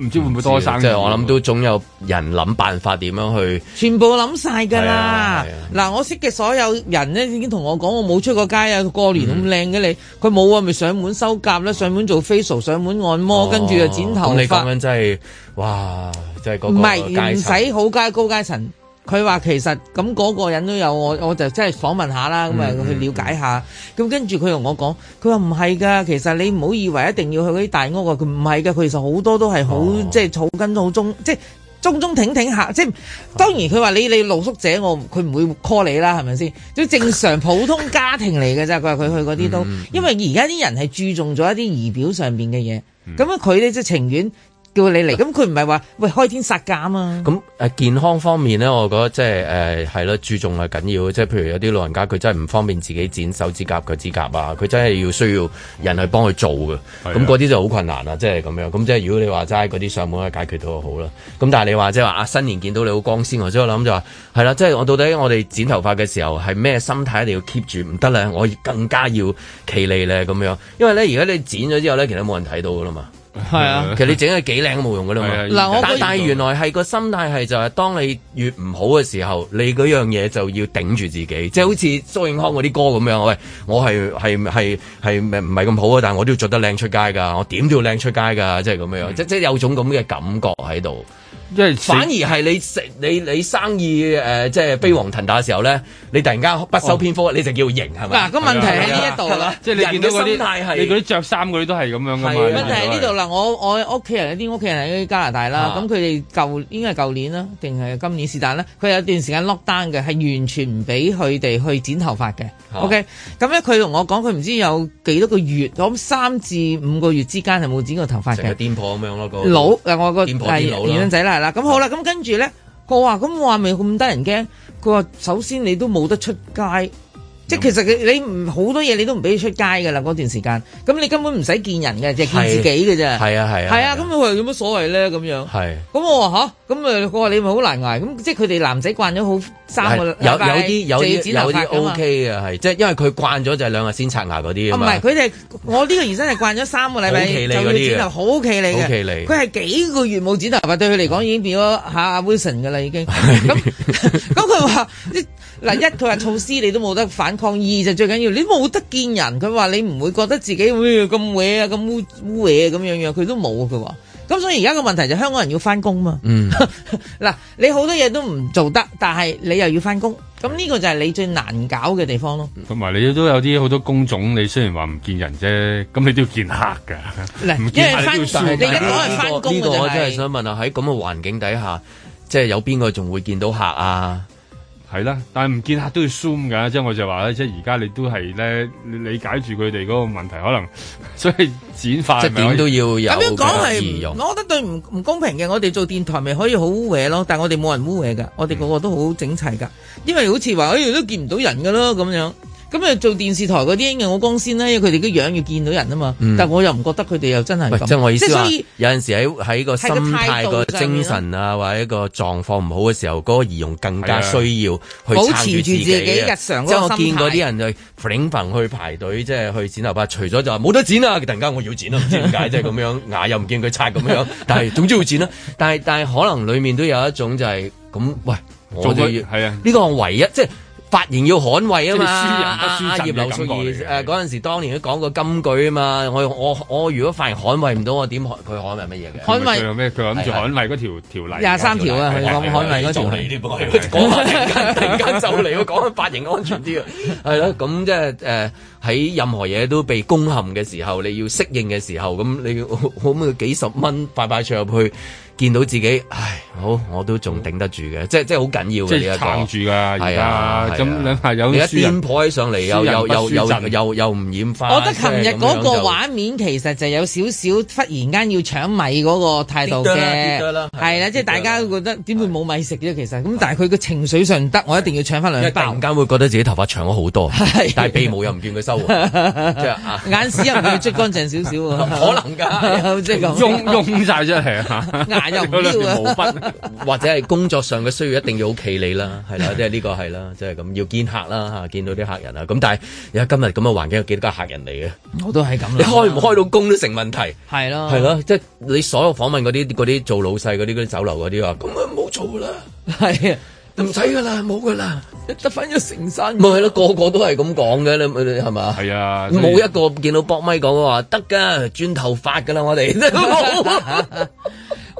唔知會唔會多生？即係、就是、我諗都總有人諗辦法點樣去。全部諗晒㗎啦！嗱、啊啊啊，我識嘅所有人咧已經同我講，我冇出過街啊，過年咁靚嘅你，佢冇、嗯、啊，咪上門收甲啦，上門做 facial，上門按摩，跟住、哦、就剪頭髮。哦、你咁樣真係，哇！真係嗰個唔係唔使好街高階層。佢話其實咁嗰個人都有我，我就即係訪問下啦，咁啊去了解下。咁、嗯嗯、跟住佢同我講，佢話唔係㗎，其實你唔好以為一定要去嗰啲大屋啊，佢唔係嘅，佢其實好多都係好、哦、即係草根好中，即係中中挺挺下。即係當然佢話你你露宿者，我佢唔會 call 你啦，係咪先？即正常普通家庭嚟嘅啫。佢話佢去嗰啲都，嗯、因為而家啲人係注重咗一啲儀表上面嘅嘢。咁啊、嗯，佢哋即情願。叫你嚟，咁佢唔係話喂開天殺價啊嘛？咁誒、啊、健康方面咧，我覺得即係誒係咯，注重係緊要。即係譬如有啲老人家，佢真係唔方便自己剪手指甲、腳指甲啊，佢真係要需要人去幫佢做嘅。咁嗰啲就好困難啦，即係咁樣。咁即係如果你話齋嗰啲上門去解決到就好啦。咁但係你話即係話啊新年見到你好光鮮，所以我即我諗就話係啦。即係我到底我哋剪頭髮嘅時候係咩心態？你要 keep 住唔得咧，我更加要企理咧咁樣。因為咧，而家你剪咗之後咧，其實冇人睇到噶啦嘛。係、嗯、啊，其實你整係幾靚都冇用噶啦嘛。嗱、啊，但但原來係個心態係就係、是，當你越唔好嘅時候，你嗰樣嘢就要頂住自己，即係好似蘇永康嗰啲歌咁樣。喂，我係係係係唔係咁好啊，但我都要着得靚出街噶，我點都要靚出街噶，即係咁樣，即即係、嗯、有種咁嘅感覺喺度。反而係你食你你生意誒、呃，即係飛黃騰達嘅時候咧，你突然間不修邊幅，哦、你就叫型係嘛？嗱的，個問題喺呢一度啦，即係你見到態係你嗰啲着衫嗰啲都係咁樣嘅？問問題係呢度啦，我我屋企人有啲屋企人喺加拿大啦，咁佢哋舊應該係舊年啦，定係今年是但呢，佢有一段時間 lock down 嘅，係完全唔俾佢哋去剪頭髮嘅。啊、OK，咁咧佢同我講，佢唔知有幾多個月，咁三至五個月之間係冇剪過頭髮嘅。成個顛婆咁咯，那個、老我個仔啦。嗱，咁好啦，咁是的 跟住咧，佢話咁話，咪咁得人驚。佢話首先你都冇得出街。即係其實你你好多嘢你都唔俾佢出街㗎啦，嗰段時間。咁你根本唔使見人嘅，淨係見自己嘅啫。係啊係啊，係啊，咁佢話有乜所謂咧咁樣？係。咁我話嚇，咁啊佢話你咪好難捱。咁即係佢哋男仔慣咗好三個有有啲有啲有啲 OK 嘅係，即係因為佢慣咗就係兩日先刷牙嗰啲啊嘛。唔係，佢哋我呢個原因係慣咗三個禮拜就要剪頭，好奇嚟嘅。奇嚟。佢係幾個月冇剪頭髮，對佢嚟講已經變咗嚇阿 Wilson 嘅啦，已經。咁咁佢話嗱，一套人措施你都冇得反。抗疫就最緊要，你冇得見人，佢話你唔會覺得自己咁野啊、咁污烏野咁樣樣，佢都冇，佢話。咁所以而家個問題就是香港人要翻工嘛。嗯，嗱， 你好多嘢都唔做得，但係你又要翻工，咁呢個就係你最難搞嘅地方咯。同埋你都有啲好多工種，你雖然話唔見人啫，咁你都要見客噶。嗱來，因為翻你一是、就是這個人翻工嘅話，這個、我真係想問下喺咁嘅環境底下，即係、就是、有邊個仲會見到客啊？係啦，但係唔見客都要 Zoom 㗎。即係我就話咧，即係而家你都係咧理解住佢哋嗰個問題，可能所以剪髮即係點都要有咁樣講係，我覺得對唔唔公平嘅。我哋做電台咪可以好污嘢咯，但我哋冇人污嘢㗎。我哋個個都好整齊噶，嗯、因為好似話哎都見唔到人㗎咯咁樣。咁啊，做電視台嗰啲我光鮮啦，因為，佢哋啲樣要見到人啊嘛。但係我又唔覺得佢哋又真係即係我意思係有陣時喺喺個心態個精神啊，或一個狀況唔好嘅時候，嗰個儀容更加需要去撐住自己。日常。即係我見過啲人就揈揈去排隊，即係去剪頭髮。除咗就話冇得剪啊，突然間我要剪啦，唔知點解即係咁樣。牙又唔見佢刷咁樣，但係總之要剪啦。但係但係可能裏面都有一種就係咁。喂，我哋啊？呢個唯一即發言要捍衞啊嘛，輸人唔輸陣啊葉劉淑儀誒嗰陣時，當年都講過金句啊嘛。我我我，我如果發言捍衞唔到，我點佢捍係乜嘢嘅？捍衞咩？佢諗住捍衞嗰條例。廿三條啊，佢諗捍衞嗰條例，啊。突然間就嚟，佢講緊發言安全啲啊。係 咯，咁即係喺、呃、任何嘢都被攻陷嘅時候，你要適應嘅時候，咁你要可唔可以幾十蚊快快脆入去？見到自己，唉，好，我都仲頂得住嘅，即係即係好緊要嘅呢一個。撐住㗎，而啊，咁兩下有。你一端婆起上嚟，又又又有又又唔染花。我覺得琴日嗰個畫面其實就有少少忽然間要搶米嗰個態度嘅。跌咗啦，係啦，即係大家都覺得點會冇米食啫？其實咁，但係佢嘅情緒上得，我一定要搶翻兩。因突然間會覺得自己頭髮長咗好多，但係鼻毛又唔見佢收。眼屎入面要捽乾淨少少，可能㗎，即係用用曬出嚟。又唔知道冇乜， 或者係工作上嘅需要一定要好企你啦，係啦，即係呢個係啦，即係咁要見客啦吓，見到啲客人啊，咁但係而家今日咁嘅環境有幾多家客人嚟嘅？我都係咁，你開唔開到工都成問題，係咯的，係咯，即係你所有訪問嗰啲嗰啲做老細嗰啲嗰啲酒樓嗰啲話，咁啊唔好做啦，係啊，唔使噶啦，冇噶啦，得翻咗成山，咪係咯，個個都係咁講嘅，你係嘛？係啊，冇一個見到博咪講嘅話得噶，轉頭發噶啦，我哋。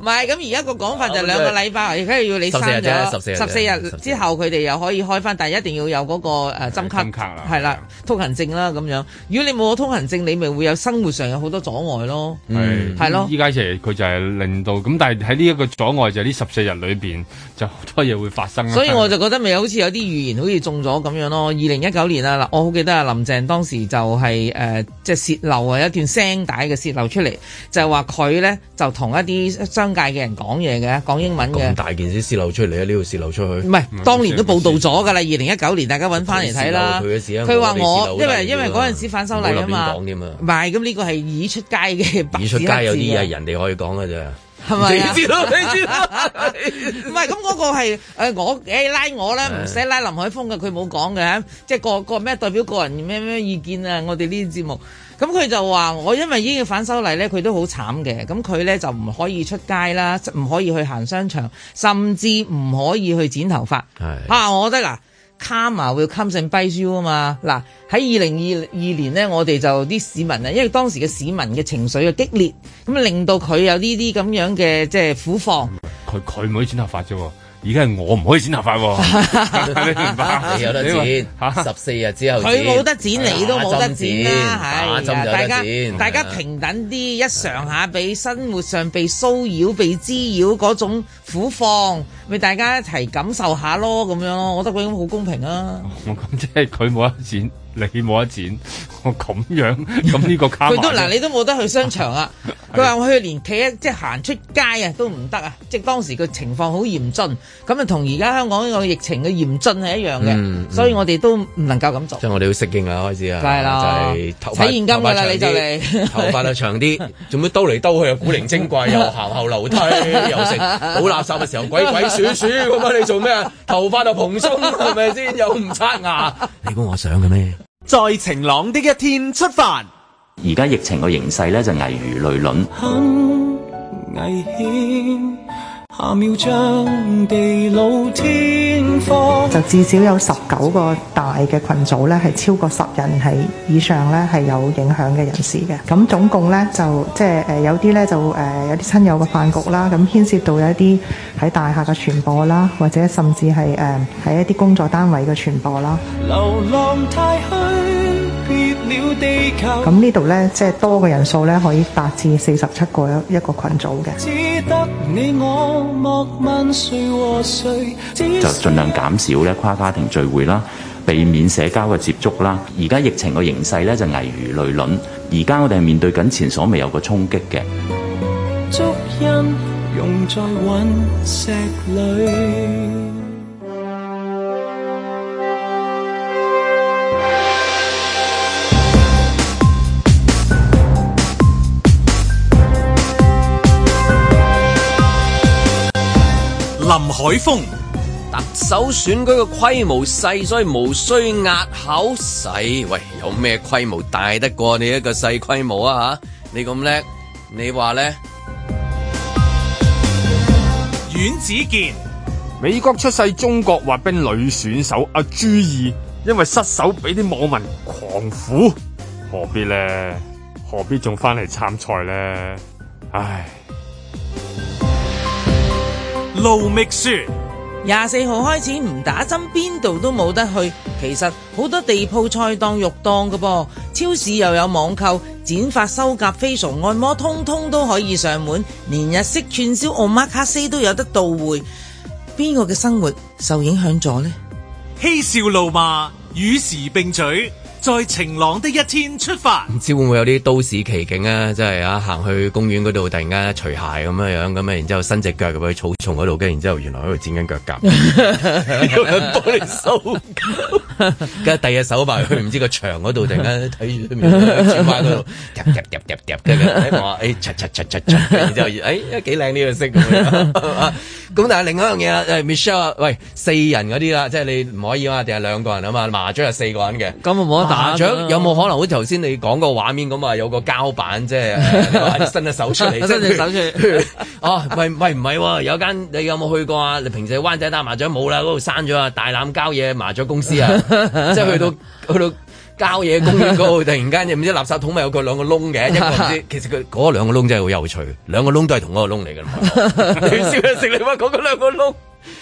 唔係，咁而家個講法就兩個禮拜，而家、哦就是、要你生咗十,十,十四日之後，佢哋又可以開翻，但一定要有嗰、那個誒、呃、是針卡，係啦，通行證啦咁樣。如果你冇個通行證，你咪會有生活上有好多阻礙咯，係咯是。依家其實佢就係令到咁，但係喺呢一個阻礙就喺十四日裏面，就好多嘢會發生。所以我就覺得咪好似有啲預言好似中咗咁樣咯。二零一九年啊我好記得阿林鄭當時就係誒即係洩漏啊一段聲帶嘅洩漏出嚟，就話佢咧就同一啲界嘅人講嘢嘅，講英文嘅。咁大件事泄露出嚟啊！呢度泄露出去。唔係是，當年都報道咗㗎啦。二零一九年，大家搵翻嚟睇啦。佢話我，我因為因為嗰陣時反修例啊嘛。唔係，咁呢個係已出街嘅、呃。已出街有啲嘢人哋可以講㗎啫。係咪、啊、你知咯，你知咯。唔係咁，嗰個係、呃、我誒拉、欸、我啦唔使拉林海峰嘅，佢冇講嘅，即係個個咩代表個人咩咩意見啊？我哋呢啲節目，咁佢就話我因為已經要反修例咧，佢都好慘嘅，咁佢咧就唔可以出街啦，唔可以去行商場，甚至唔可以去剪頭髮。係是啊，我覺得嗱、啊。卡嘛會冚剩低燒啊嘛！嗱喺二零二二年呢，我哋就啲市民啊，因為當時嘅市民嘅情緒又激烈，咁啊令到佢有呢啲咁樣嘅即係苦況。佢佢唔可以轉合法啫。而家係我唔可以剪頭髮喎，啊， 你，你有得剪十四，啊，日之後佢冇得剪，你都冇得剪啦，係大家的大家平等啲，一嘗下俾生活上被騷擾，被滋擾嗰種苦況，咪的大家一齊感受下咯，咁樣咯，我覺得佢咁好公平啊！我講即係佢冇得剪。你冇得剪，我咁樣咁呢個卡。佢都嗱，你都冇得去商場啊。佢話我去連企，即係行出街啊都唔得啊。即係當時個情況好嚴峻，咁啊同而家香港呢個疫情嘅嚴峻係一樣嘅，所以我哋都唔能夠咁做。即係我哋要適應啦，開始啊。係啦，就係頭髮啦你就嚟。頭髮就長啲，做咩兜嚟兜去啊？古靈精怪又行後樓梯，又食好垃圾嘅時候鬼鬼鼠鼠咁啊！你做咩啊？頭髮又蓬鬆係咪先？又唔刷牙？你估我想嘅咩？在晴朗的一天出發。而家疫情嘅形勢咧，就危如累卵，很危險。下秒將地老天荒，就至少有十九個大嘅群組咧，係超過十人係以上咧，係有影響嘅人士嘅。咁總共咧就即係誒，有啲咧就誒，有啲親友嘅飯局啦，咁牽涉到有一啲喺大廈嘅傳播啦，或者甚至係誒喺一啲工作單位嘅傳播啦。流浪太虛咁呢度呢，即係多個人數呢，可以達至四十七個一個群組嘅，就盡量減少呢跨家庭聚會啦，避免社交嘅接觸啦。而家疫情嘅形勢呢，就危如累卵，而家我哋係面對緊前所未有嘅衝擊嘅。海風特首選舉嘅規模細，所以無需壓口使。喂，有咩規模大得過你一個細規模啊？吓，你咁叻，你話咧？阮子健，美國出世中國滑冰女選手阿朱易，因為失手俾啲網民狂呼，何必咧？何必仲翻嚟參賽咧？唉。盧覓雪，廿四號開始唔打針，邊度都冇得去。其實好多地鋪菜檔、肉檔嘅噃，超市又有網購、剪髮、修甲、facial 按摩，通通都可以上門。連日式串燒、奧瑪卡斯都有得倒回。邊個嘅生活受影響咗呢？嬉笑怒罵與時並舉。在晴朗的一天出發，唔知會唔會有啲都市奇景啊！即係啊，行去公園嗰度，突然間除鞋咁樣樣，咁啊，然之後伸隻腳入去草叢嗰度嘅，然之後原來喺度剪緊腳甲，跟住第二隻手埋去唔知個牆嗰度，突然間睇住面，轉翻嗰度，夾夾夾夾夾，跟住睇我，之後，幾靚呢個色咁樣，但係另一樣嘢啊 Michelle，喂，四人嗰啲啦，即係你唔可以啊，定係兩個人啊嘛，麻雀係四個人嘅，咁麻雀有冇可能好似頭先你講個畫面咁啊？有個膠板即係、就是、 伸隻手出嚟，伸隻手出哦，喂喂， 唔係喎，有間你有冇去過啊？你平時灣仔打麻雀冇啦，嗰度閂咗啊！大欖郊野麻雀公司啊， 即係去到去到郊野公園嗰度，突然間有唔知垃圾桶咪有個兩個窿嘅， 一個唔知其實佢嗰兩個窿真係好有趣，兩個窿都係同一個窿嚟㗎。 你笑咩食嚟？講、那、嗰、個、兩個窿。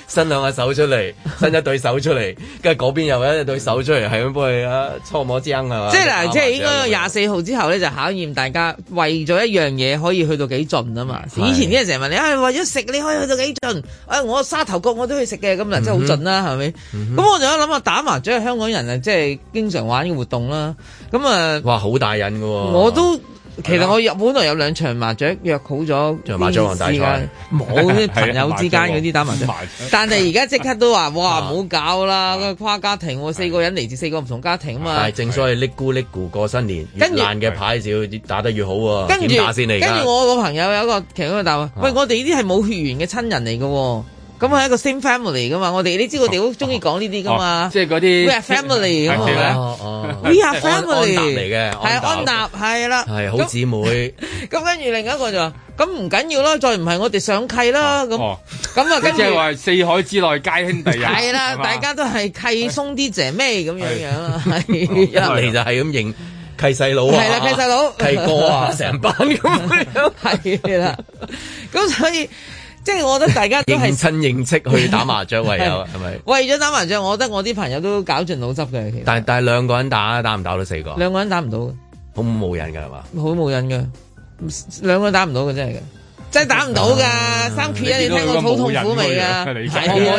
伸兩個手出嚟，伸一對手出嚟，跟住嗰邊又有一對手出嚟，係咁幫佢啊搓麻將係嘛。即係是嗱，吧即係應該廿四號之後咧，就考驗大家為咗一樣嘢可以去到幾盡啊嘛。嗯、以前啲人成日問你，是哎為咗食你可以去到幾盡？哎我沙頭角我都去食嘅，咁啊真係好盡啦，係咪？咁我仲有諗下打麻雀係香港人啊，即、就、係、是、經常玩嘅活動啦。咁啊，哇好大癮噶、哦，我都。其實我約本來有兩場麻雀約好咗麻雀王大賽，冇啲朋友之間嗰啲打麻雀但，但係而家即刻都話哇唔好搞啦，跨家庭四個人嚟自四個唔同家庭啊嘛，係正所謂搦孤搦孤過新年，越難嘅牌先打得越好喎，點著打先嚟？跟住我個朋友有一個，其中一個答話：，喂，我哋呢啲係冇血緣嘅親人嚟嘅喎。咁係一個 same family 㗎噶嘛？我哋你知我哋好中意講呢啲噶嘛？即係嗰啲 we are family 咁係咪 we are family？嚟嘅，係安娜，係啦。係好姊妹。咁跟住另一個就話：，咁唔緊要啦，再唔係我哋上契啦。咁咁啊，跟住話四海之內皆兄弟啊！係啦，大家都係契松啲姐妹咁樣樣啊，一嚟就係咁認契細佬啊，契細佬，契哥啊，成班咁樣係啦。咁所以。即係我覺得大家都係親 認，認識去打麻將為有係咪？為咗打麻將，我覺得我啲朋友都搞盡腦汁嘅。其實。但係但係兩個人打打唔打到四個。兩個人打唔到嘅，好冇癮㗎係嘛？好冇癮㗎，兩個人打唔到嘅真係嘅。真係打唔到噶，三缺一。你聽過好痛苦未啊？可唔可以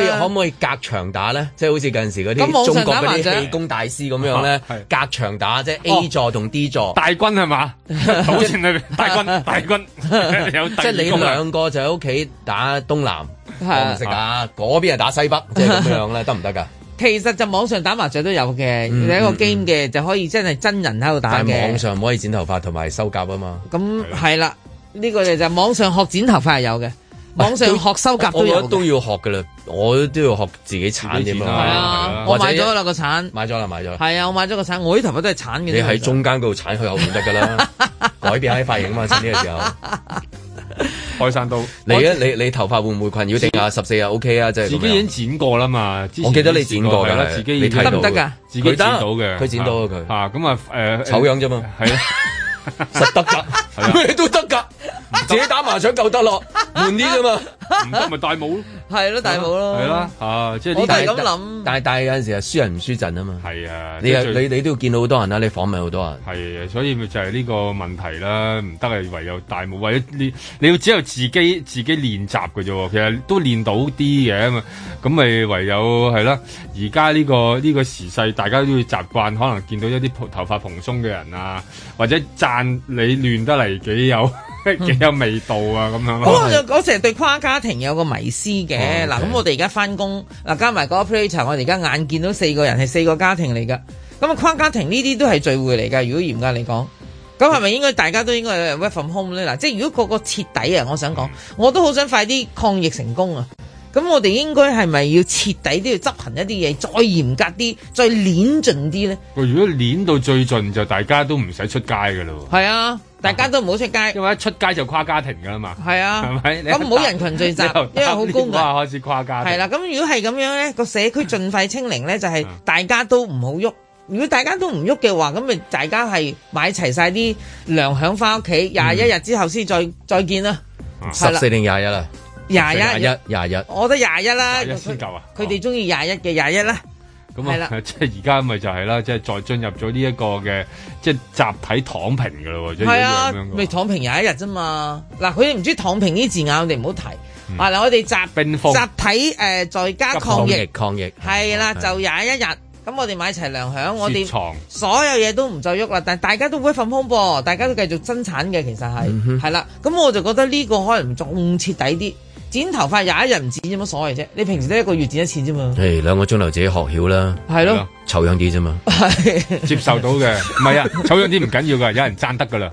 可唔可以隔牆打咧？即係好似近時嗰啲中國嗰啲氣功大師咁樣咧，隔牆打即係 A 座同 D 座。大軍係嘛？好似裏面大軍大軍即係你兩個就喺屋企打東南，唔識啊？嗰邊係打西北，即係咁樣咧，得唔得㗎？其實就網上打麻雀都有嘅，一個 game 嘅就可以真係真人喺度打嘅。但網上唔可以剪頭髮同埋修甲啊嘛。咁係啦。呢個就就網上學剪頭髮有嘅，網上學修甲都我我都要學嘅啦，我都要學自己剷剪。係啊，我買咗啦個剷。買咗啦，買咗。係啊，我買咗個剷，我啲頭髮都係剷嘅。你喺中間嗰度剷，佢，後邊得噶啦，改變下啲髮型嘛，呢個時候。開心刀。你你頭髮會唔會困擾？定啊，十四日 OK 啊，即係。自己已經剪過啦嘛，我記得你剪過嘅，自己得唔得噶？自己剪到嘅，佢剪到佢。咁啊，誒，醜樣啫嘛，係啊。實得噶。咩、啊、都得噶，自己打麻雀夠得咯，悶啲啫嘛，唔得咪戴帽咯，係咯戴帽咯，係啦，啊即係我都係咁諗，但係有陣時啊輸人唔輸陣啊嘛，係啊，你你你都要見到好多人啦，你訪問好多人，係啊，所以咪就係呢個問題啦，唔得係唯有戴帽，或者你你要只有自己自己練習嘅啫，其實都練到啲嘅啊嘛，咁咪唯有係啦，而家呢個呢個時勢，大家都要習慣，可能見到一啲頭頭髮蓬鬆嘅人啊，或者讚你亂得。係幾有幾有味道啊！咁、嗯、樣，我是我成日對跨家庭有個迷思嘅嗱。咁、哦 okay 啊、我哋而家翻工嗱，加埋嗰個 operator 我哋而家眼見到四個人係四個家庭嚟噶。咁啊，跨家庭呢啲都係聚會嚟噶。如果嚴格嚟講，咁係咪應該大家都應該有 work from home 咧？嗱、啊，即係如果個個徹底啊，我想講，嗯、我都好想快啲抗疫成功啊。咁我哋應該係咪要徹底都要執行一啲嘢，再嚴格啲，再諗盡啲咧？喂，如果諗到最盡，就大家都唔使出街噶咯。係啊。大家都唔好出街，因為一出街就跨家庭噶啦嘛。係啊，係咪？咁唔好人群聚集，因為好高噶。開始跨家庭係啦。咁如果係咁樣咧，個社區盡快清零咧，就係大家都唔好喐。如果大家都唔喐嘅話，咁咪大家係買齊晒啲糧響翻屋企。廿一日之後先再再見啦。十四定廿一啊？廿一，廿一，廿一，我都廿一啦。佢哋中意廿一嘅廿一啦。係啦，即係而家咪就係啦，即、就、係、是、再進入咗呢一個嘅即係集體躺平嘅咯，即係咁樣。咪、啊、躺平廿一日啫嘛，嗱，佢哋唔知躺平呢字眼，我哋唔好提。嗱、嗯，我哋集封集體誒在家抗疫，抗疫係啦，啊啊、就廿一日。咁我哋買齊糧餉，藏我哋所有嘢都唔再喐啦。但係大家都會屈憤風噃，大家都繼續增產嘅，其實係係啦。咁、嗯哼啊、我就覺得呢個可能仲徹底啲。剪頭髮廿一日唔剪有乜所謂啫？你平時都一個月剪一次啫嘛，哎。誒兩個鐘頭自己學曉啦。係咯。醜樣啲啫嘛，係接受到嘅，唔係啊醜樣啲唔緊要噶有人讚得噶啦。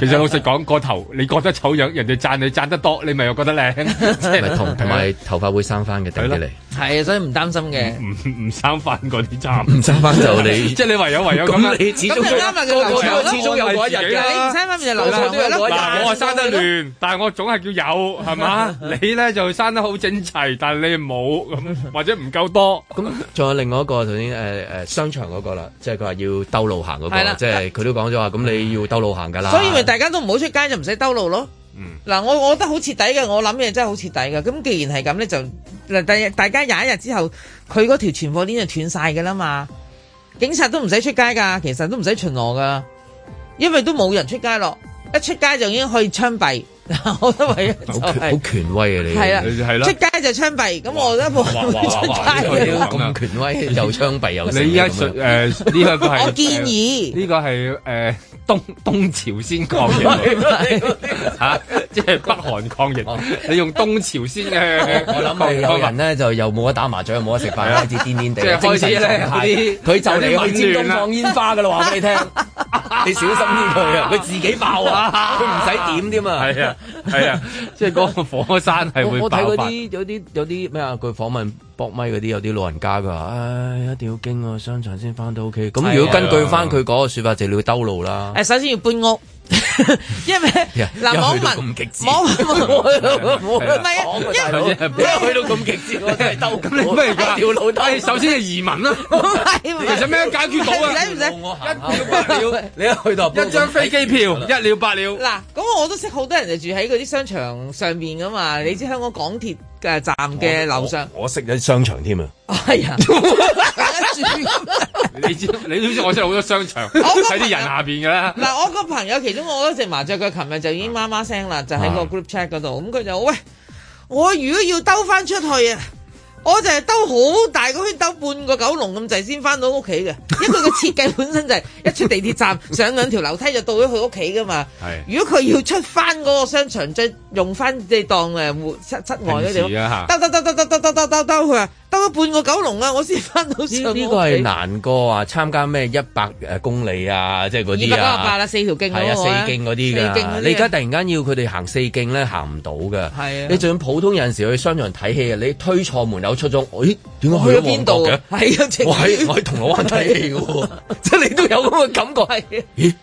其實老實講個頭，你覺得醜樣，人哋讚你讚得多，你咪又覺得靚。同同埋頭髮會生翻嘅，頂起嚟。係啊，所以唔擔心嘅。唔唔生翻嗰啲讚，唔生翻就你，即係你唯有唯有咁。咁你始終都多咗，始終有嗰一日噶。你唔生翻就留咗都有嗰日。嗱我啊生得亂，但係我總係叫有係嘛？你咧就生得好整齊，但係你冇咁，或者唔夠多咁。仲有另外一個頭先誒。誒誒，商場嗰個啦，即係佢話要兜路行嗰個啦，的即係佢都講咗話，咁你要兜路行噶啦，所以咪大家都唔好出街就唔使兜路咯。嗯，嗱，我我覺得好徹底嘅，我諗嘢真係好徹底嘅。咁既然係咁咧，就大家廿一日之後，佢嗰條存貨鏈就斷晒噶啦嘛。警察，都唔使出街噶，其實都唔使巡邏噶，因為都冇人出街咯，一出街就已經可以槍斃。 我都係，啊、就是，好權威啊！你係啦，啊啊、出街就槍斃，咁哇我都冇出街。咁 權威， 你又槍斃又，你依家誒呢個係 我建議，呢、呃這個係誒、呃、東東朝鮮國。 吓，即係北韓抗疫，你用東朝先嘅，我諗啲人咧就又冇得打麻雀，又冇得食飯，開始癲癲地。即開始佢就嚟去始東放煙花噶啦，話俾你聽，你小心啲佢啊，佢自己爆啊，佢唔使點添啊。係啊係啊，即係嗰個火山係會爆發。我睇嗰啲有啲有啲咩啊？佢訪問搏米嗰啲有啲老人家㗎。唉，一定要經過商場先翻到 OK。咁如果根據翻佢嗰個說法，就你要兜路啦。誒，首先要搬屋。因為嗱網民咁極致，唔係一去到咁極致，你係兜咁你屌老，首先係移民啊，係其實咩解決到啊？唔使唔使，一了百了，你一去到一張飛機票一了百了。嗱，咁我都識好多人就住喺嗰啲商場上邊噶嘛，你知香港港鐵嘅站嘅樓上，我識啲商場添啊。係啊。你知你知我真係好多商場喺啲人下邊嘅啦。嗱，我個朋友其中我嗰隻麻雀腳，佢琴日就已經媽媽聲啦，就喺個 group chat 嗰度。咁佢就喂我，如果要兜翻出去啊，我就係兜好大個圈，兜半個九龍咁滯先翻到屋企嘅。因為佢個設計本身就係一出地鐵站上兩條樓梯就到咗佢屋企噶嘛。係如果佢要出翻嗰個商場，就用翻即係當誒室室外嗰條，兜兜兜兜兜兜兜兜兜佢。得個半個九龍啊，我先翻到上。呢個係難過啊，參加咩一百誒公里啊，即係嗰啲啊。二百八啊，四條徑係啊，四徑嗰啲啊。你而家突然間要佢哋行四徑咧，行唔到㗎。係啊，你仲普通有陣時去商場睇戲啊？你推錯門口出咗？咦，點解去咗邊度嘅？喺個程度，我喺我喺銅鑼灣睇戲嘅，即係 你都有咁嘅感覺係。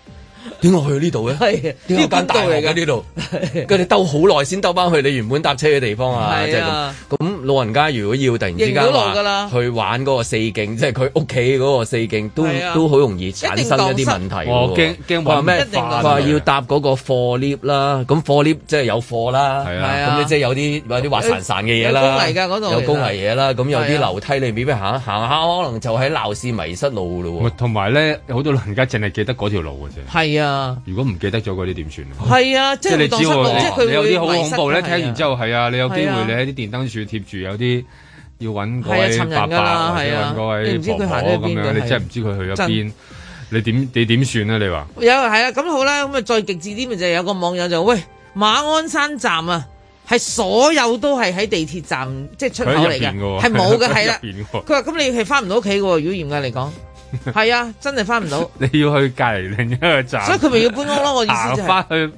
點解去呢度嘅？係呢間大嚟㗎，呢度，佢哋兜好耐先兜翻去你原本搭車嘅地方啊！即係咁老人家，如果要突然之間去玩嗰個四徑，即係佢屋企嗰個四徑都都好容易產生一啲問題。驚驚話咩？話要搭嗰個貨 lift 啦，咁貨 lift 即係有貨啦，係啊，咁即係有啲有啲滑潺潺嘅嘢啦，有高危嗰度，有高危嘢啦，咁有啲樓梯你唔知行，行下可能就喺鬧市迷失路咯。同埋咧，好多老人家淨係記得嗰條路嘅啫。係啊。如果唔記得咗嗰啲點算？係啊，即係你知我，你有啲好恐怖咧。聽完之後，係啊，你有機會你喺啲電燈柱貼住有啲要搵嗰位爸爸或者搵嗰位婆婆咁樣，你真係唔知佢去咗邊，你點你點算啊？你話有係啊？咁好啦，咁啊再極致啲咪就有個網友就喂馬鞍山站啊，係所有都係喺地鐵站即係出口嚟嘅，係冇嘅，係啦。佢話咁你係翻唔到屋企喎，如果嚴格嚟講。係啊，真係翻唔到。你要去隔籬另一個站，所以佢咪要搬屋咯。我意思就係行翻去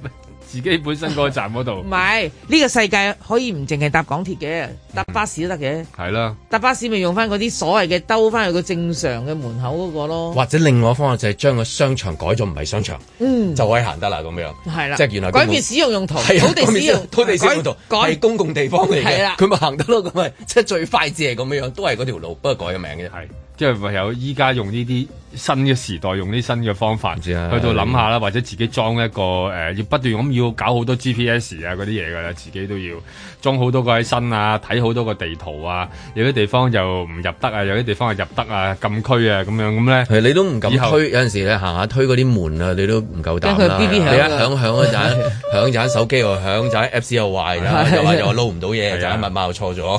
自己本身嗰個站嗰度。唔係呢個世界可以唔淨係搭港鐵嘅，搭巴士都得嘅。係啦，搭巴士咪用翻嗰啲所謂嘅兜翻去個正常嘅門口嗰個咯。或者另外一方法就係將個商場改咗唔係商場，嗯，就可以行得啦咁樣。係啦，即係原來改變使用用途，土地使用土地使用用途係公共地方嚟嘅，佢咪行得咯。咁咪即係最快捷咁樣樣，都係嗰條路，不過改個名嘅係。即係唯有依家用呢啲新嘅時代，用啲新嘅方法，Yeah. 去到諗下啦，或者自己裝一個誒、呃，要不斷咁要搞好多 GPS 啊嗰啲嘢㗎啦，自己都要裝好多個喺身啊，睇好多個地圖啊，有啲地方就唔入得啊，有啲地方係入得啊，禁區啊咁樣咁咧，係你都唔敢推，後有陣時你行下推嗰啲門啊，你都唔夠膽啦。你一響、啊、響響一陣， 響就喺手機又響，就喺 FC 又壞又話又撈唔到嘢，就喺密碼錯咗。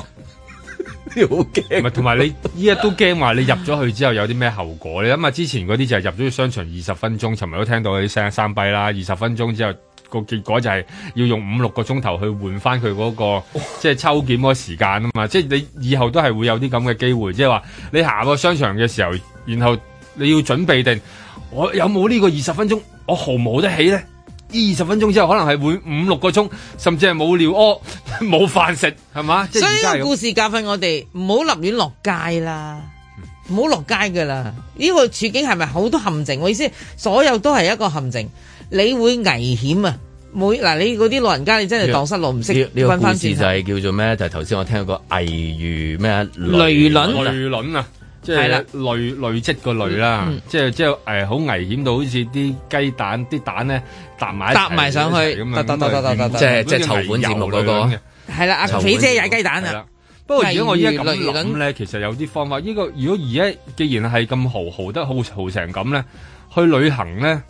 你好係，同埋你依家都驚話你入咗去之後有啲咩後果？你諗下之前嗰啲就入咗去商場二十分鐘，尋日都聽到啲聲，三閉啦，二十分鐘之後，那個結果就係要用五六個鐘頭去換翻佢嗰個即係抽檢嗰個時間啊嘛！即係你以後都係會有啲咁嘅機會，即係話你行個商場嘅時候，然後你要準備定我有冇呢個二十分鐘？我毫無得起呢。二十分鐘之後可能係會五六個鐘，甚至係冇尿屙、冇飯食，係嘛？所以呢個故事教訓我哋唔好立亂落街啦，唔好落街噶啦。呢個處境係咪好多陷阱？我意思所有都係一個陷阱，你會危險啊！冇嗱，你嗰啲老人家你真係蕩失路唔識分翻線。呢個故事就係叫做咩？就係頭先我聽個蟻喻咩？雷輪啊！即係累累積個累啦，即係即係誒，好危險到好似啲雞蛋啲蛋咧，搭埋搭埋上去咁樣，即係即係籌款節目嗰個。係啦，阿肥姐又係雞蛋啦。不過如果我而家咁諗咧，其實有啲方法。呢個如果而家既然係咁豪豪得好豪成咁咧，去旅行咧。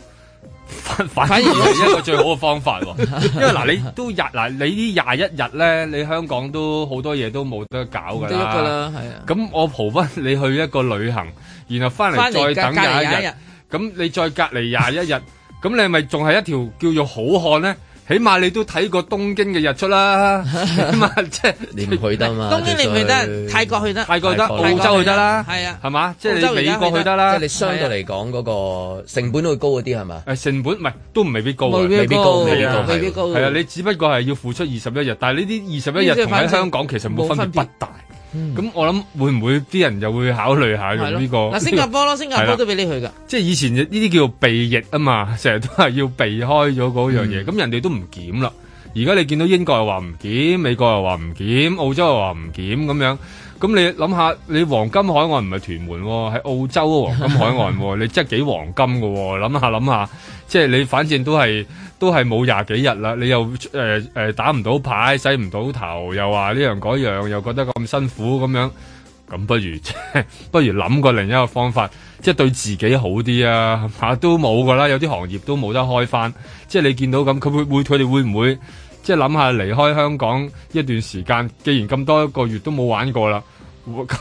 反 反而係一個最好嘅方法喎， 因為嗱你都日嗱你呢廿一日咧，你香港都好多嘢都冇得搞噶啦，咁、啊、我蒲翻你去一個旅行，然後翻嚟再等廿一日，咁你再隔離廿一日，咁 你咪仲係一條叫做好漢咧？起碼你都睇過東京嘅日出啦，起碼即係你去得嘛。東京你唔去得，泰國去得，泰國得，澳洲去得啦。係啊，係嘛？即係你美國去得啦。即係你相對嚟講嗰個成本都會高嗰啲係嘛？誒，成本唔係都唔未必高，未必高，未必高，係啊。你只不過係要付出二十一日，但係呢啲二十一日同喺香港其實冇分別不大。咁、嗯、我諗會唔會啲人就會考慮下用呢、這個？嗱、啊，新加坡咯，新加坡都俾你去噶。即係以前呢啲叫避疫啊嘛，成日都係要避開咗嗰樣嘢。咁、嗯、人哋都唔檢啦，而家你見到英國又話唔檢，美國又話唔檢，澳洲又話唔檢咁樣。咁你諗下，你黃金海岸唔係屯門喎，係澳洲嘅黃金海岸， 你真係幾黃金噶？諗下諗下。即係你反正都係都係冇廿幾日啦，你又誒、呃呃、打唔到牌，洗唔到頭，又話呢樣嗰樣，又覺得咁辛苦咁樣，咁不如呵呵不如諗個另一個方法，即係對自己好啲啊，都冇㗎啦，有啲行業都冇得開翻，即係你見到咁，佢會會佢哋會唔會，即係諗下離開香港一段時間？既然咁多一個月都冇玩過啦。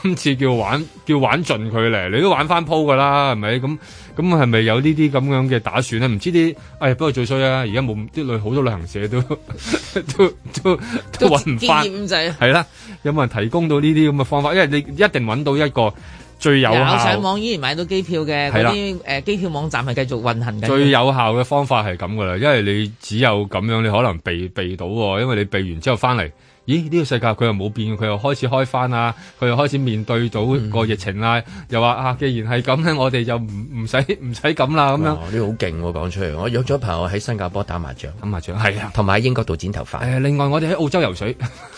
今次叫玩叫玩盡佢嚟，你都玩翻鋪噶啦，係咪？咁咁係咪有呢啲咁樣嘅打算咧？唔知啲，哎，不過最衰啊，而家冇啲旅好多旅行社都都都都搵唔翻。經驗係啦，有冇人提供到呢啲咁嘅方法？ 因為你一定搵到一個最有效。有上網依然買到機票嘅嗰啲誒機票網站係繼續運行嘅。最有效嘅方法係咁噶啦，因為你只有咁樣，你可能避避到，因為你避完之後翻嚟。咦？呢、這個世界佢又冇變，佢又開始開翻啊！佢又開始面對到個疫情啦，嗯、又話啊，既然係咁咧，我哋就唔唔使唔使咁啦咁樣。呢好勁喎，講、這個、出嚟！我約咗朋友喺新加坡打麻將，打麻將係啊，同埋喺英國度剪頭髮、啊。另外我哋喺澳洲游水，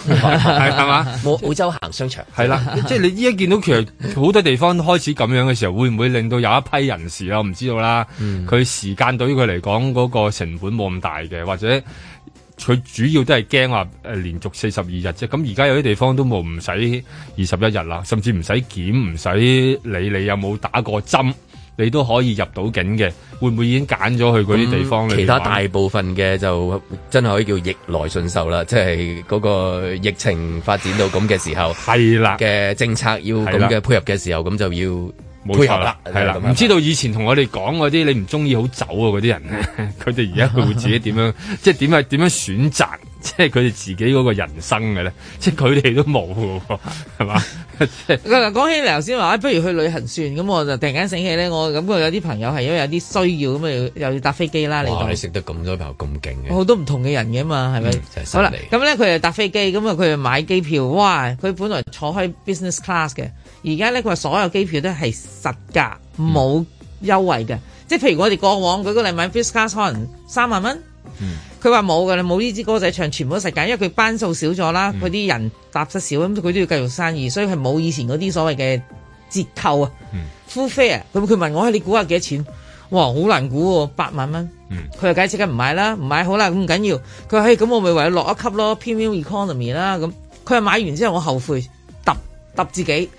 係嘛？澳洲行商場係啦、 啊，即係你依家見到其實好多地方開始咁樣嘅時候，會唔會令到有一批人士啊？我唔知道啦。佢、嗯、時間對於佢嚟講嗰個成本冇咁大嘅，或者。佢主要都係驚話誒連續四十二日啫，咁而家有啲地方都冇唔使二十一日啦，甚至唔使檢，唔使理你有冇打過針，你都可以入到境嘅。會唔會已經揀咗去嗰啲地方？其他大部分嘅就真係可以叫逆來順受啦，即係嗰個疫情發展到咁嘅時，時候，係啦嘅政策要咁嘅配合嘅時候，咁就要。配合啦，係啦了，唔知道以前同我哋講嗰啲你唔中意好走啊嗰啲人咧，佢哋而家佢會自己點樣， 即係點樣點樣選擇，即係佢哋自己嗰個人生嘅咧，即係佢哋都冇嘅，係嘛？即係講起你頭先話，不如去旅行算，咁我就突然間醒起咧，我咁覺有啲朋友係因為有啲需要，咁又要搭飛機啦你哇！到你識得咁多朋友咁勁嘅，好多唔同嘅人嘅嘛，係咪？嗯、好啦，咁咧佢又搭飛機，咁啊佢又買機票，哇！佢本來坐開 business class 嘅。而家咧佢話所有機票都係實價，冇、嗯、優惠嘅。即、就、係、是、譬如我哋過往舉個例，買 business 可能三萬蚊，佢話冇嘅，你冇呢支歌仔唱，全部都實價，因為佢班數少咗啦，佢啲、嗯、人搭得少，咁佢都要繼續生意，所以佢冇以前嗰啲所謂嘅折扣啊。嗯、full fare，佢問我：你估下幾多錢？哇，好難估，啊，八萬蚊。佢又解釋緊唔買啦，唔買好啦，唔緊要。佢話：咁我咪為咗落一級咯 premium economy 啦。咁佢話買完之後我後悔。揼自己，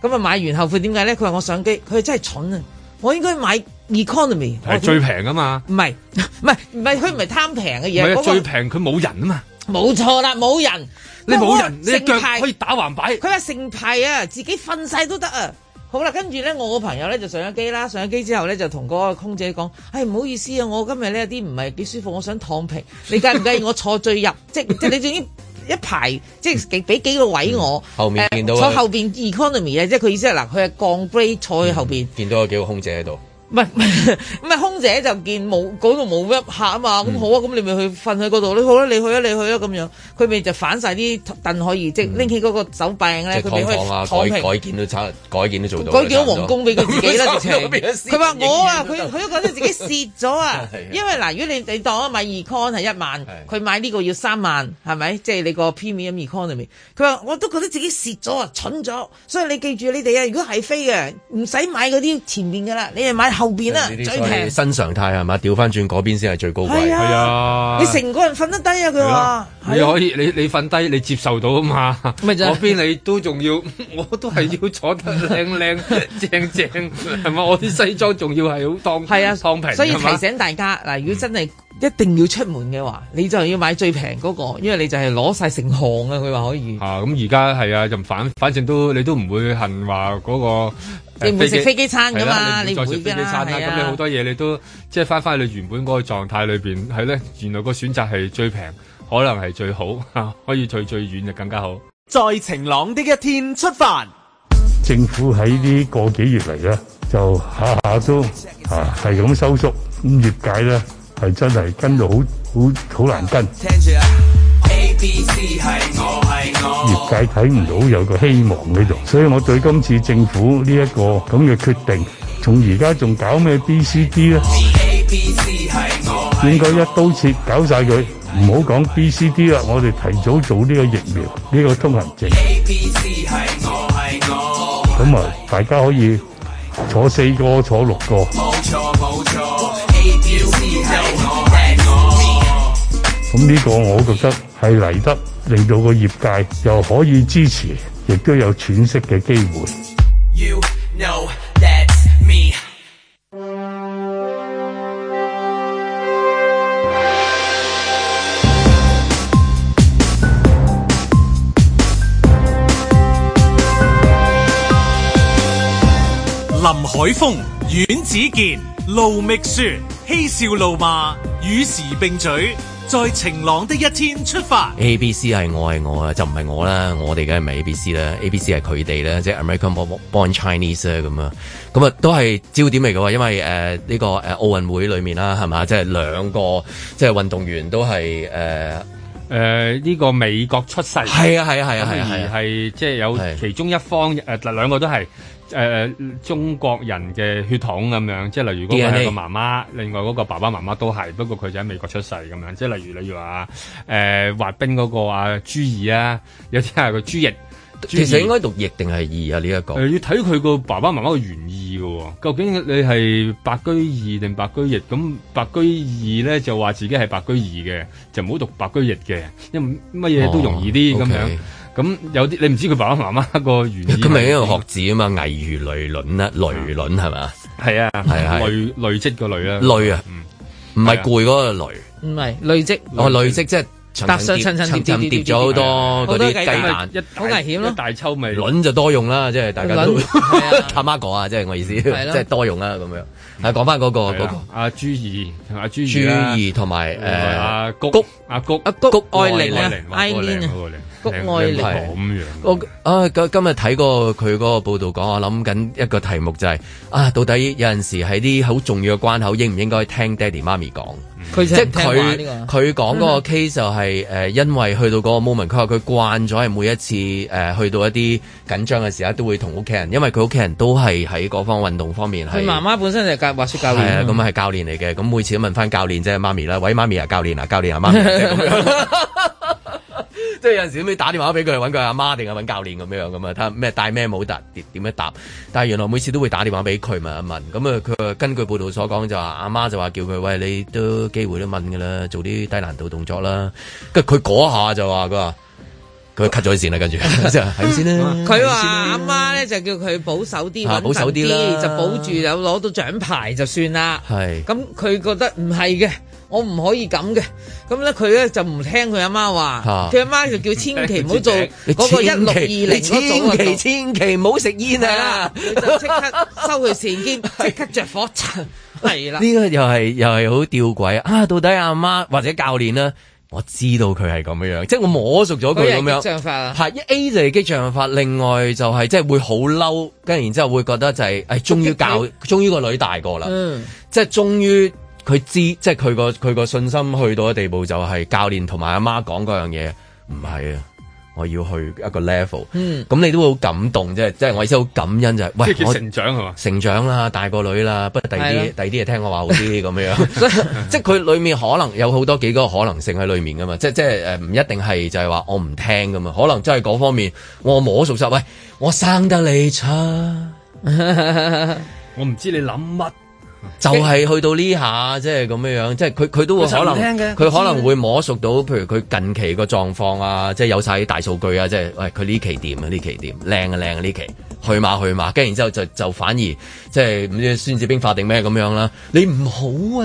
咁啊買完後悔點解咧？佢話我上機，佢係真係蠢啊！我應該買 economy 係最平㗎嘛？唔係，唔係，唔係，佢唔係貪平嘅嘢。唔係、那個、最平佢冇人啊嘛。冇錯啦，冇人，你冇人，你腳可以打橫擺。佢話成排啊，自己瞓晒都得啊！好啦，跟住咧，我個朋友咧就上咗機啦，上咗機之後咧就同個空姐講，唉、哎，唔好意思啊，我今日呢有啲唔係幾舒服，我想躺平，你介唔介意我坐最入， 即即係你仲要。 一排即係係俾幾個位我，嗯，後面見到，呃、坐後邊 economy 啊，嗯，即係佢意思係嗱，佢係降 grade 坐後邊，嗯，見到有幾個空姐喺度。唔係唔係，空姐就見冇嗰度冇乜客啊嘛，咁、嗯、好啊，咁你咪去瞓喺嗰度咯，好啦，你去啊，你去啊，咁、啊、樣，佢咪就反晒啲凳可以，即拎、嗯、起嗰個手柄咧，佢咪可以改改建都改建都做到。了改建咗皇宮俾佢自己啦，即係佢話我啊，佢佢覺得自己蝕咗啊， 因為嗱，如果你你當買二 con 係一萬，佢 買呢個要三萬，係咪？即係你個 premium econ 上面，佢話我都覺得自己蝕咗啊，蠢咗，所以你記住你哋啊，如果係飛嘅，唔使買嗰啲前面噶啦，你哋買。後邊啊，最平新常態係嘛？調翻轉嗰邊先係最高貴。係啊，你成個人瞓得低啊，佢話你可以，你你瞓低，你接受到啊嘛。嗰邊你都仲要，我都係要坐得靚靚正正，係嘛？我啲西裝仲要係好當係啊，當平。所以提醒大家嗱，如果真係一定要出門嘅話，你就要買最平嗰個，因為你就係攞晒成行啊。佢話可以啊，咁而家係啊，就唔反反正都你都唔會恨話嗰個。你唔會食飛機餐噶嘛？你唔會食飛機餐嘛？咁你好多嘢你都即係翻返去你原本嗰個狀態裏邊係咧，原來個選擇係最平，可能係最好，啊、可以去最，最遠就更加好。在晴朗的一天出發。政府喺呢個幾月嚟咧，就下下都啊係咁收縮，咁業界咧係真係跟到好好好難跟。聽住啊，A B C 係。業界睇唔到有個希望喺度，所以我對今次政府呢一個咁嘅決定從現在還，從而家仲搞咩 BCD 咧？應該一刀切搞晒佢，唔好講 BCD 啦。我哋提早做呢個疫苗，呢、這個通行證。ABC，係我係我。咁啊，大家可以坐四個，坐六個。冇錯。咁呢個我覺得係嚟得令到個業界又可以支持，亦都有喘息嘅機會。You know. 海風、阮子健、盧覓雪，嬉笑怒罵，與時並舉，在晴朗的一天出發。A B C 係我係我啊，就唔係我啦，我哋梗係唔係 A B C 啦，A B C 係佢哋啦，即係、就是、American born Chinese 咁啊，咁啊都係焦點嚟嘅，因為誒呢、呃這個誒奧運會裏面啦係咪，即係兩個即係運動員都係誒誒呢個美國出世，係啊係啊係啊係係即係有其中一方誒兩、啊、個都係。誒、呃、中國人嘅血統咁樣，即係例如個果佢媽媽 DNA? 另外嗰個爸爸媽媽都係，不過佢就喺美國出世咁樣。即係例如你要話滑冰嗰個、啊、朱二啊，有啲係個朱逸，朱其實應該讀逸定係二啊呢一、呢個。呃、要睇佢個爸爸媽媽嘅原意喎、哦，究竟你係白居二定白居易？咁白居二咧就話自己係白居二嘅，就唔好讀白居易嘅，因為乜嘢都容易啲咁、oh, okay. 樣。咁有啲你唔知佢爸爸媽媽個原，佢咪呢度學字啊嘛？危如累卵啦，累卵係咪？係啊，係啊，累累積個累啊，累啊，唔係攰嗰個累，唔係累積哦，累積即係疊上疊疊疊疊咗好多嗰啲雞蛋，好危險咯！大抽咪卵就多用啦，即係大家都阿媽講啊，即係我意思，即係多用啦咁樣。啊，講翻嗰個嗰個阿朱易阿朱易朱易同埋誒阿谷，阿谷，阿谷愛凌谷愛玲，咁我啊今日睇過佢嗰個報道，講我諗緊一個題目就係、是、啊，到底有陣時喺啲好重要嘅關口應應，應唔應該聽爹哋媽咪講？即係佢佢講個 case 就係、是、誒、呃，因為去到嗰個 moment，佢話佢慣咗係每一次誒、呃，去到一啲緊張嘅時候，都會同屋企人，因為佢屋企人都係喺嗰方運動方面係。佢媽媽本身就係滑雪教練，咁係教練嚟嘅，咁、啊、每次都問翻教練即啫，媽咪啦，喂媽咪啊，教練啊，教練啊，媽咪、啊。就是 即係有陣時，咪打電話俾佢搵佢阿媽，定係搵教練咁樣咁啊？睇咩帶咩帽搭點點樣答？但係原來每次都會打電話俾佢問一問，咁啊佢根據報道所講就話阿媽就話叫佢喂，你都機會都問噶啦，做啲低難度動作了了 啦。跟住佢嗰下就話佢話佢 cut 咗線啦，跟住即係睇先啦。佢話阿媽咧就叫佢保守啲，保守啲啦，就保住有攞到獎牌就算啦。係咁是，佢覺得唔係嘅。我唔可以咁嘅，咁咧佢咧就唔聽佢阿媽話，佢阿媽就叫千祈唔好做嗰個一六二零，千祈千祈唔好食煙啊！就即刻收佢前肩，即刻着火擦嚟啦！呢個又係又係好吊詭啊！到底阿媽或者教練啦，我知道佢係咁樣，即係我摸熟咗佢咁樣，一法啦，一 A 就係激將法，另外就係即係會好嬲，跟住然之後會覺得就係誒，終於教，終於個女大個啦，即係終於。佢知即係佢個佢個信心去到嘅地步就媽媽，就係教練同埋阿媽講嗰樣嘢，唔係啊，我要去一個 level。咁、嗯、你都會好感動，即係即係我意思好感恩就係、是、喂，我成長啊，成長啦，大個女啦，不過第二啲第二啲嘢聽我話好啲咁 樣。即係即係佢裏面可能有好多幾個可能性喺裏面噶嘛，即係即係誒唔一定係就係話我唔聽噶嘛，可能真係嗰方面我摸熟實喂，我生得你差， 我唔知你諗乜。就係去到呢下，即係咁樣樣，即係佢佢都會可能，佢可能會摸熟到，譬如佢近期個狀況啊，即係有晒啲大數據啊，即係喂佢呢期掂啊，呢期掂靚啊靚啊呢期。去馬去馬，跟然之後就就反而即係唔知孫子兵法定咩咁樣啦。你唔好啊，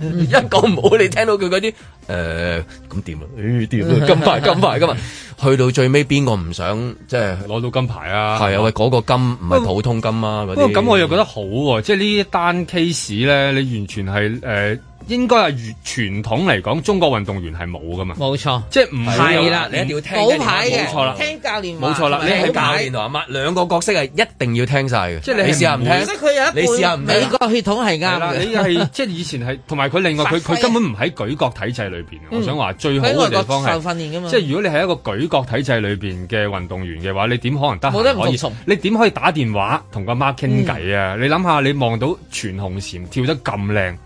嗯、一講唔好，嗯、你聽到佢嗰啲誒咁點啊？咦點啊？金牌金牌金牌，金牌，去到最尾邊個唔想即係攞到金牌啊？係啊，喂嗰、啊啊、個金唔係普通金啊？不過咁我又覺得好喎、啊，即係呢單 case 咧，你完全係誒。呃應該係傳統嚟講，中國運動員係冇㗎嘛？冇錯，即係唔係啦，你一定要聽嘅，冇牌嘅，冇錯啦，聽教練話。冇錯啦，你係教練同阿媽，兩個角色係一定要聽晒嘅。即係你試下唔聽，佢有一半美國血統係啱嘅，你係即係以前係，同埋佢另外佢佢根本唔喺舉國體制裏邊，我想話最好嘅地方係訓練㗎嘛，即係如果你係一個舉國體制裏邊嘅運動員嘅話，你點可能得可以從，你點可以打電話同阿媽傾偈啊？你諗下，你望到全紅嬋跳得咁靚。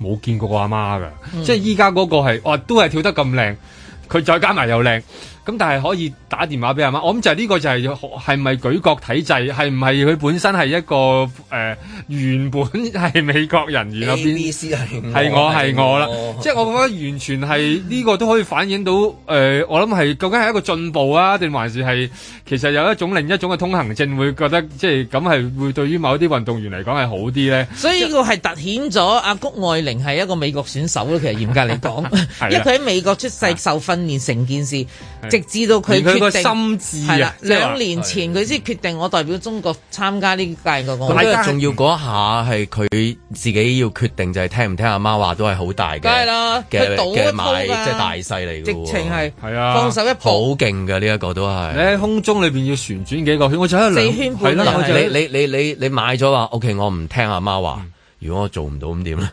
冇見過、嗯、個阿媽㗎，即係依家嗰個係，哇都係跳得咁靚，佢再加埋又靚。咁但係可以打電話俾阿媽，我諗就係呢個就係係咪舉國體制，係唔係佢本身係一個誒、呃、原本係美國人然後係我係我啦，即係我覺得完全係呢、這個都可以反映到誒、呃、我諗係究竟係一個進步啊定還是係其實有一種另一種嘅通行證，會覺得即係咁係會對於某一啲運動員嚟講係好啲咧，所以呢個係凸顯咗阿谷愛玲係一個美國選手咯，其實嚴格嚟講 了因為佢喺美國出世受訓練，成件事直至到佢決定，係啦。兩年前佢先決定，我代表中國參加呢屆個奧運。佢仲要嗰一下係佢自己要決定，就係聽唔聽阿媽話都係好大嘅。梗係啦，嘅賭一買即係大細嚟嘅喎。直情係啊。放手一搏，好勁嘅呢一個都係。你喺空中裏邊要旋轉幾個圈，我就喺度。四圈半。係啦，嗱你你你你你買咗話，OK，我唔聽阿媽話。如果我做唔到咁點咧？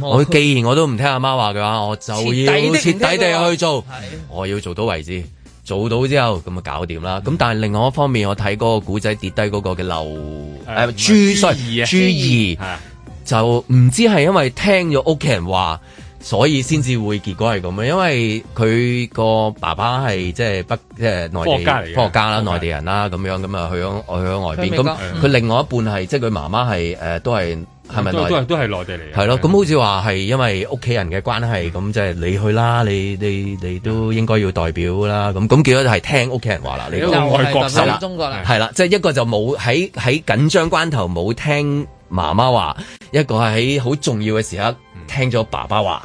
我既然我都唔聽阿媽話嘅話，我就要徹底地去做，我要做到為止，做到之後咁啊搞掂啦。咁但係另外一方面，我睇嗰個古仔跌低嗰個嘅樓朱 G 朱二，就唔知係因為聽咗屋企人話，所以先至會結果係咁樣。因為佢個爸爸係即係北即係內地科學家啦，內地人啦咁樣咁啊去咗去咗外邊。咁佢另外一半係即係佢媽媽係誒都係。都都都係內地嚟。係咯，咁好似話係因為屋企人嘅關係，咁即係你去啦，你你你都應該要代表啦。咁咁幾多係聽屋企人話啦？你都愛國啦，中國啦。係啦，即係一個就冇喺喺緊張關頭冇聽媽媽話，一個係喺好重要嘅時刻聽咗爸爸話。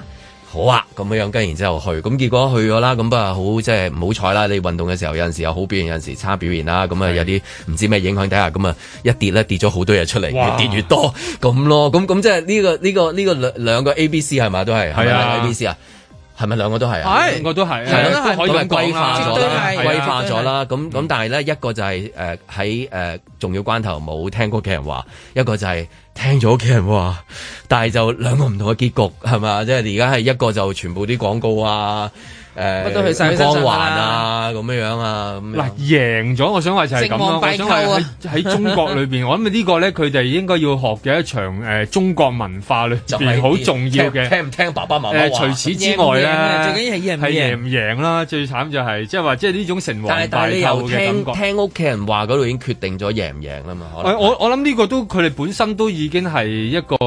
好啊，咁樣樣跟然之後去咁，結果去咗啦，咁啊好即係唔好彩啦。你運動嘅時候有陣時又好表現，有陣時差表現啦。咁啊有啲唔知咩影響底下，咁啊一跌咧跌咗好多嘢出嚟，越哇跌越多咁咯。咁咁即係呢個呢個呢個兩兩個 A B C 係咪？都係係啊 A B C 啊。是係咪兩個都係啊？兩個都係，係啦，是是都係咁咪歸化咗啦，歸化咗啦。咁咁，對但係咧、嗯、一個就係誒喺誒重要關頭冇聽過嘅人話，嗯、一個就係聽咗嘅人話，但係就兩個唔同嘅結局，係嘛？即係而家係一個就全部啲廣告啊。 世方環啊，咁樣啊，嗱，贏咗，我想話就係咁咯。啊、我想話喺中國裏面， 我諗呢個咧，佢哋應該要學一場誒、呃、中國文化裏邊好重要嘅，聽唔聽，聽爸爸媽媽話除、呃、此之外咧，贏贏呢最緊要係贏唔贏啦。最慘就係即係話，即係呢種成王敗寇嘅感覺。但係但係聽屋企人話嗰度已經決定咗贏唔贏啦嘛？我我諗呢個都佢哋本身都已經係一個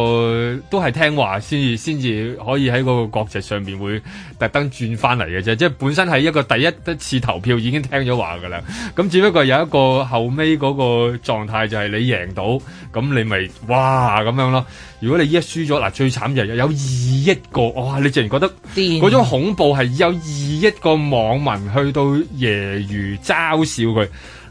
都係聽話先至先至可以喺嗰個國際上面會特登轉翻嚟嘅。就即本身係一個第一一次投票已經聽咗話噶啦，咁只不過有一個後尾嗰個狀態就係你贏到，咁你咪哇咁樣咯。如果你一輸咗，嗱最慘就有二億個，哇！你竟然覺得嗰種恐怖係有二億個網民去到揶揄嘲笑佢。兩億人，佢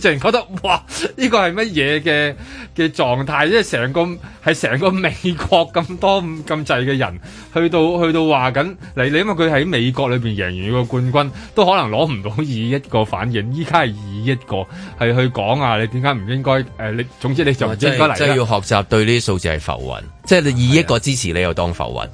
突然覺得哇！呢個係乜嘢嘅嘅狀態？即係成個係成個美國咁多咁滯嘅人，去到去到話緊你，因為佢喺美國裏邊贏完個冠軍，都可能攞唔到二億個反應。依家係二億個係去講啊！你點解唔應該誒、呃？你總之你就唔應該嚟。即係要學習對呢啲數字係浮雲，即係你二億個支持你又當浮雲。啊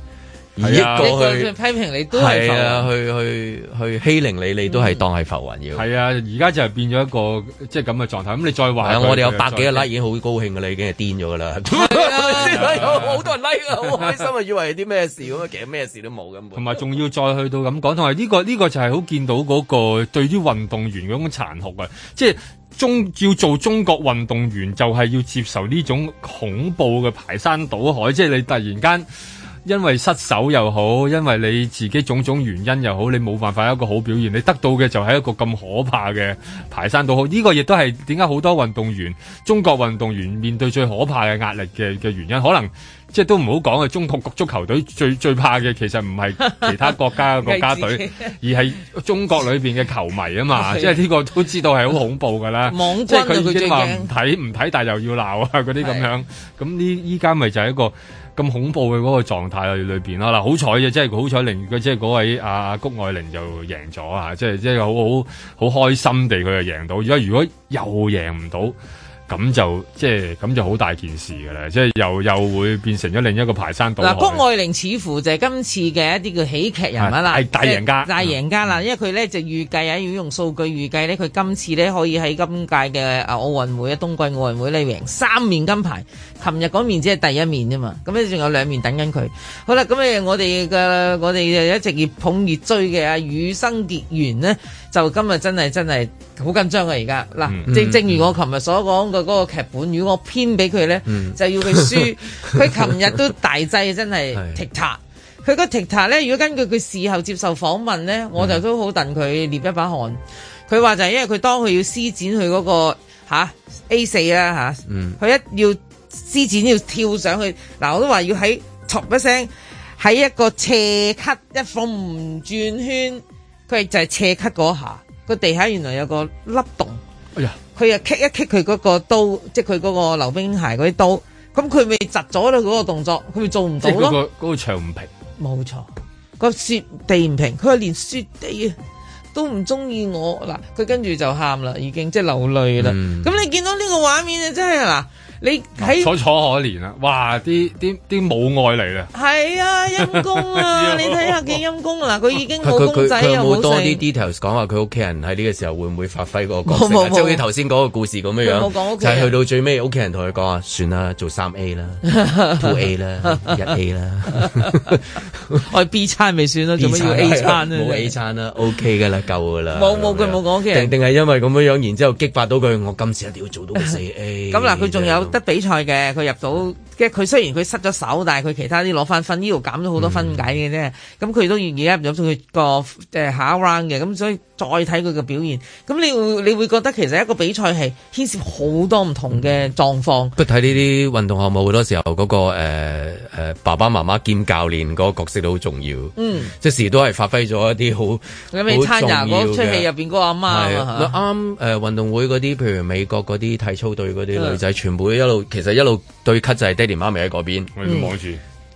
批評你都係，去去去欺凌你，你都係當係浮雲要。係啊，而家就係變咗一個即係咁嘅狀態。咁你再話，我哋有百幾個拉已經好高興嘅啦，已經係癲咗嘅啦。好多人 like，好開心啊，以為係啲咩事咁，其實咩事都冇咁。同埋仲要再去到咁講，同埋呢個呢個就係好見到嗰個對於運動員嗰種殘酷嘅，即係中要做中國運動員就係要接受呢種恐怖嘅排山倒海，即係你突然間。因為失手又好，因為你自己種種原因又好，你冇辦法一個好表現，你得到嘅就係一個咁可怕嘅排山倒海。呢個亦都係點解好多運動員，中國運動員面對最可怕嘅壓力嘅嘅原因，可能即係都唔好講嘅。中國足球隊最最怕嘅其實唔係其他國家嘅國家隊， 己而係中國裏邊嘅球迷啊嘛。 即係呢個都知道係好恐怖噶啦，即係佢已經話唔睇唔睇，但又要鬧啊嗰啲咁樣。咁呢依家咪就係一個。咁恐怖嘅嗰個狀態裏面，啦，嗱、就是、好彩嘅，即係好彩，凌即係嗰位阿、啊、谷愛玲就贏咗啊！即係即係好好好開心地佢就贏到，如果如果又贏唔到，咁就即係咁就好、是、大件事嘅啦！即、就、係、是、又又會變成咗另一個排山倒海。谷愛玲似乎就係今次嘅一啲叫喜劇人物啦，係、啊、大、大贏家，大贏家啦，嗯、因為佢咧就預計啊，要用數據預計咧，佢今次咧可以喺今屆嘅啊奧運會啊冬季奧運會咧贏三面金牌。琴日嗰面只係第一面啫嘛，咁你仲有兩面等緊佢。好啦，咁你我哋嘅我哋就一直熱捧熱追嘅阿雨生結緣咧，就今日真係真係好緊張㗎而家。嗱，嗯、正正如我琴日所講嘅嗰個劇本，如果我編俾佢咧，嗯、就要佢輸。佢琴日都大劑，真係是踢塔。佢個踢塔咧，如果根據佢事後接受訪問咧，我就都好戥佢捏一把汗。佢話就係因為佢當佢要施展佢嗰、嗰個嚇、啊、A 四啦吓，佢、嗯、一要。獅子要跳上去嗱、啊，我都話要喺嚓一聲喺一個斜咳，一放唔轉圈，佢就係斜咳嗰下個地下原來有個凹洞，佢、哎、呀又棘一棘佢嗰個刀，即係佢嗰個溜冰鞋嗰啲刀，咁佢咪窒咗咯？嗰個動作佢咪做唔到咯？嗰個、嗰個牆唔平，冇錯，嗰個雪地唔平，佢連雪地啊都唔中意我嗱，佢跟住就喊啦，已經即係流淚啦。咁、嗯、你見到呢個畫面啊，真係嗱～你睇楚楚可憐啦，哇！啲啲啲母愛嚟啦，係啊，陰公啊，你睇下幾陰公啦，佢已經冇公仔又冇性，冇多啲 details 講下佢屋企人喺呢個時候會唔會發揮個角色，即係好似頭先講個故事咁樣樣，就係去到最尾屋企人同佢講啊，算啦，做三 A 啦，two A 啦，一 A 啦，我 B 餐咪算啦，做乜要 A 餐啊？冇 A 餐啦，OK 噶啦，夠噶啦，冇冇佢冇講屋企人，定定係因為咁樣樣，然之後激發到佢，我今次一定要做到四 A。咁嗱，佢仲有。得比賽嘅，佢入到，即係佢雖然佢失咗手，但係佢其他啲攞翻分，呢度減咗好多分解嘅啫。咁佢、嗯、都願意咧入咗佢個誒下一 round 嘅，咁所以再睇佢嘅表現。咁你會你會覺得其實一個比賽係牽涉好多唔同嘅狀況，不過睇呢啲運動項目，好多時候嗰、那個誒、呃呃、爸爸媽媽，媽兼教練個角色都好重要。嗯，即時都係發揮咗一啲好好重要嘅。講出戲入邊嗰個阿媽啱誒對吧、呃、運動會啲，譬如美國啲體操隊啲女仔、嗯、全部一路其實一路對 cut，就係爹哋媽咪喺邊，我哋都望住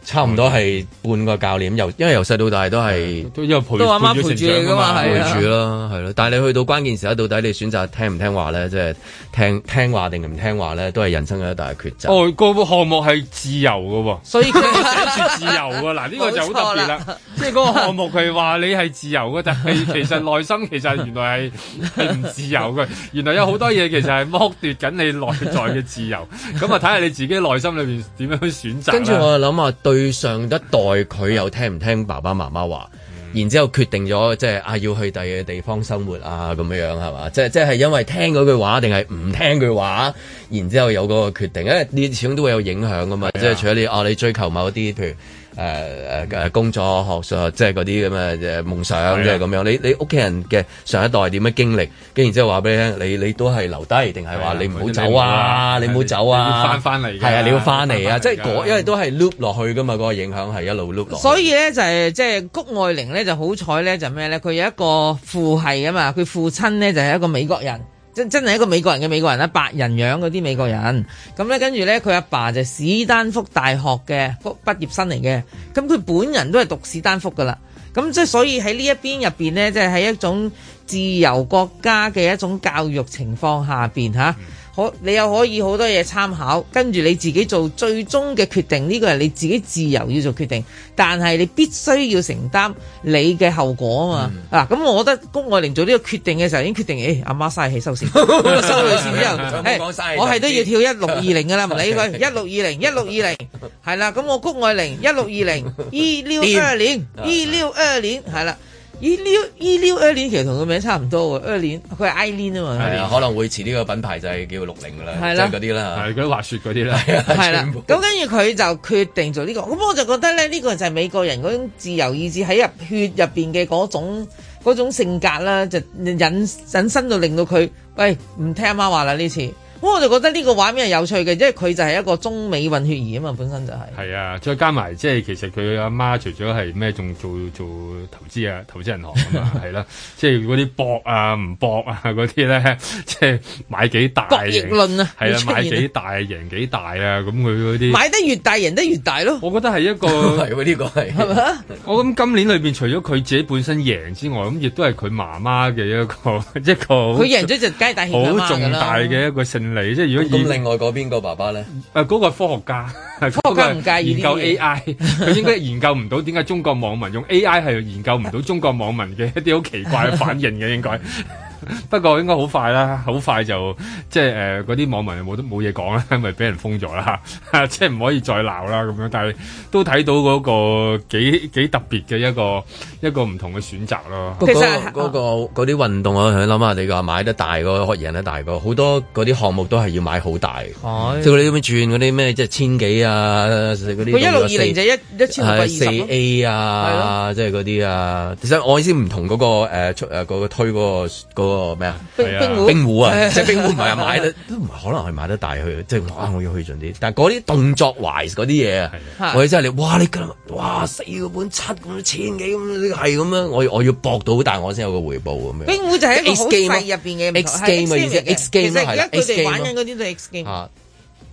差唔多係半個教練，由因為由細到大都係都阿媽陪住你噶嘛，陪住咯，係咯的。但係你去到關鍵時，到底你選擇聽唔聽話咧？即、就、係、是、聽聽話定唔聽話咧？都係人生嘅一大，大抉擇。哦，嗰、那個項目係自由噶，所以佢寫住自由噶嗱，呢、 這個就好特別啦。即係嗰個項目，佢話你係自由嘅， 但係其實內心其實原來係係唔自由嘅。原來有好多嘢其實係剝奪緊你內在嘅自由。咁啊，睇下你自己內心裏邊點樣去選擇。跟住我又諗下對。對上一代佢又聽唔聽爸爸媽媽話？然之後決定咗，即係啊，要去第二個地方生活啊，咁樣係嘛？即係即係因為聽嗰句話定係唔聽句話，然之後有嗰個決定咧，因為你始終都會有影響噶嘛？即係的除咗你啊，你追求某啲譬如。誒誒、呃呃、工作學術學即係嗰啲咁嘅夢想，即係咁樣。你你屋企人嘅上一代係點樣經歷，跟然之後話俾你聽，你你都係留低，定係話你唔好走啊？的你唔好走啊！翻翻嚟，係啊，你要翻嚟啊！即係因為都係 loop 落去噶嘛，嗰、那個影響係一路 loop 落去。所以咧就係即係谷愛玲咧就好彩咧就咩咧？佢有一個父系啊嘛，佢父親呢就係一個美國人。真真係一個美國人嘅美國人啦，白人樣嗰啲美國人，咁咧跟住咧佢阿爸就史丹福大學嘅畢畢業生嚟嘅，咁佢本人都係讀史丹福噶啦，咁即係所以喺呢一邊入面咧，即係喺一種自由國家嘅一種教育情況下邊、嗯可你又可以好多嘢參考，跟住你自己做最終嘅決定，呢、這個係你自己自由要做決定，但係你必須要承擔你嘅後果嘛、嗯、啊嘛咁我覺得谷愛玲做呢個決定嘅時候已經決定，誒、欸、阿媽嘥氣收線，收咗線 之後，我係都要跳一六二零㗎啦，唔理佢一六二零 一六二零係啦，咁我谷愛玲一六二零二六二年二六二年係啦。e 溜依溜 e a r、e、其實同個名差唔多嘅 e a r 佢係 i l n e 啊嘛的的可能會持呢個品牌就係叫六零㗎喇，即係嗰啲啦係嗰啲滑雪嗰啲啦，係啦的。咁跟住佢就決定做呢、呢個，咁我就覺得咧呢、呢個就係美國人嗰種自由意志喺入血入邊嘅嗰種嗰種性格啦，就引引申到令到佢喂唔聽阿媽，媽話啦呢次。咁我就覺得呢個畫面係有趣嘅，即係佢就係一個中美混血兒啊嘛，本身就係、係。係啊，再加埋即係其實佢阿媽除咗係咩，仲做做投資啊，投資銀行 啊，係啦，即係嗰啲博啊、唔博啊嗰啲咧，即係買幾大博奕論啊，係啦，買幾大贏幾大啊，咁佢嗰啲買得越大贏得越大咯。我覺得係一個係喎，係、 這個係。吧我諗今年裏面除咗佢自己本身贏之外，咁亦都係佢媽媽嘅一個一個。佢贏咗就梗係大好重大嘅一個 嚟即係如果咁另外嗰邊個爸爸咧？誒嗰、啊那個科學家， 科學家唔介意研究 AI，佢 應該研究唔到點解中國網民用 AI 係研究唔到中國網民嘅一啲好奇怪嘅反應嘅應該。 不過應該好快啦，好快就即係誒嗰啲網民冇得冇嘢講啦，咪俾人封咗啦， 即係唔可以再鬧啦咁樣。但係都睇到嗰個幾幾特別嘅一個一個唔同嘅選擇咯。其實嗰、嗰個嗰啲運動啊，諗下你話買得大個，贏得大個，好多嗰啲項目都係要買好大的就。即係你點樣轉嗰啲咩，即係千幾啊嗰啲。佢一六二零就一一千四。四 A 啊，即係嗰啲啊。其實我意思唔同嗰個誒出誒個推嗰個個。呃個咩啊？冰冰冰壺啊！即係冰壺唔係買得都唔可能係買得大去，即係哇！我要去盡啲，但係嗰啲動作 wise 嗰啲嘢啊，我真係哇！你咁哇，四萬蚊、七萬蚊、千幾咁，係咁啊！我我要搏到，但我先有個回報咁樣。冰壺就喺好細入邊嘅，X game 啊，意思 X game 啊，係 X game 咯。其實而家佢哋玩緊嗰啲就 X game 啊，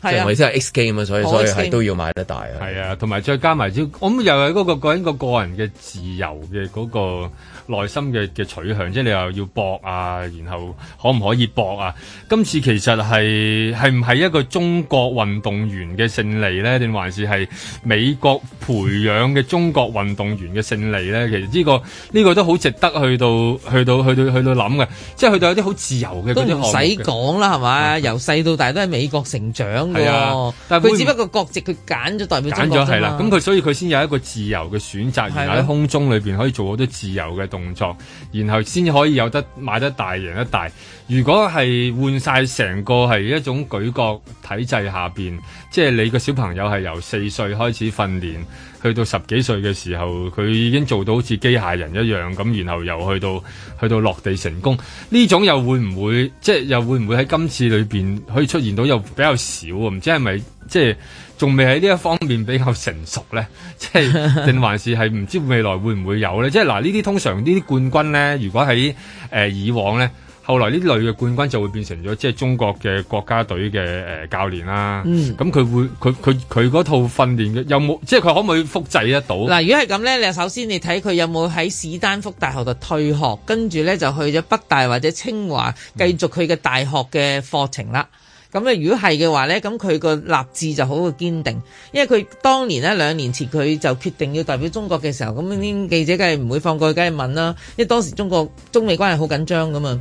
係 X game 啊，所以所以係都要買得大啊。係啊，同埋再加埋，我諗又係嗰個個人個個人嘅自由嘅嗰個。內心嘅嘅取向，即係你又要搏啊，然後可唔可以搏啊？今次其實係係唔係一個中國運動員嘅勝利呢？定還是係美國培養嘅中國運動員嘅勝利呢？ 其實呢個呢個都好值得去到去到去到去到諗嘅，即係去到有啲好自由嘅。都唔使講啦，係咪些？嗯、由細到大都係美國成長㗎，佢、啊、只不過國籍佢揀咗代表中國。揀咗係啦，咁佢、啊、所以佢先有一個自由嘅選擇，然後喺空中裏面可以做好多自由嘅。動作，然後先可以有得買得大贏得大。如果係換晒成個係一種舉國體制下面，即係你個小朋友係由四歲開始訓練。去到十幾歲嘅時候，佢已經做到好似機械人一樣咁，然後又去到去到落地成功。呢種又會唔會即係又會唔會喺今次裏邊可以出現到又比較少啊？唔知係咪即係仲未喺呢一方面比較成熟呢？即係定還是係唔知未來會唔會有呢？即係嗱，呢啲通常呢啲冠軍呢，如果喺誒以往呢。後來呢類嘅冠軍就會變成咗即係中國嘅國家隊嘅誒教練啦，咁佢、嗯、會佢佢佢嗰套訓練嘅有冇即係佢可唔可以複製得到？嗱，如果係咁咧，你首先你睇佢有冇喺史丹福大學度退學，跟住咧就去咗北大或者清華繼續佢嘅大學嘅課程啦。嗯咁咧，如果係嘅話呢，咁佢個立志就好堅定，因為佢當年呢兩年前佢就決定要代表中國嘅時候，咁啲記者梗係唔會放過，梗係問啦，因為當時中國中美關係好緊張噶嘛。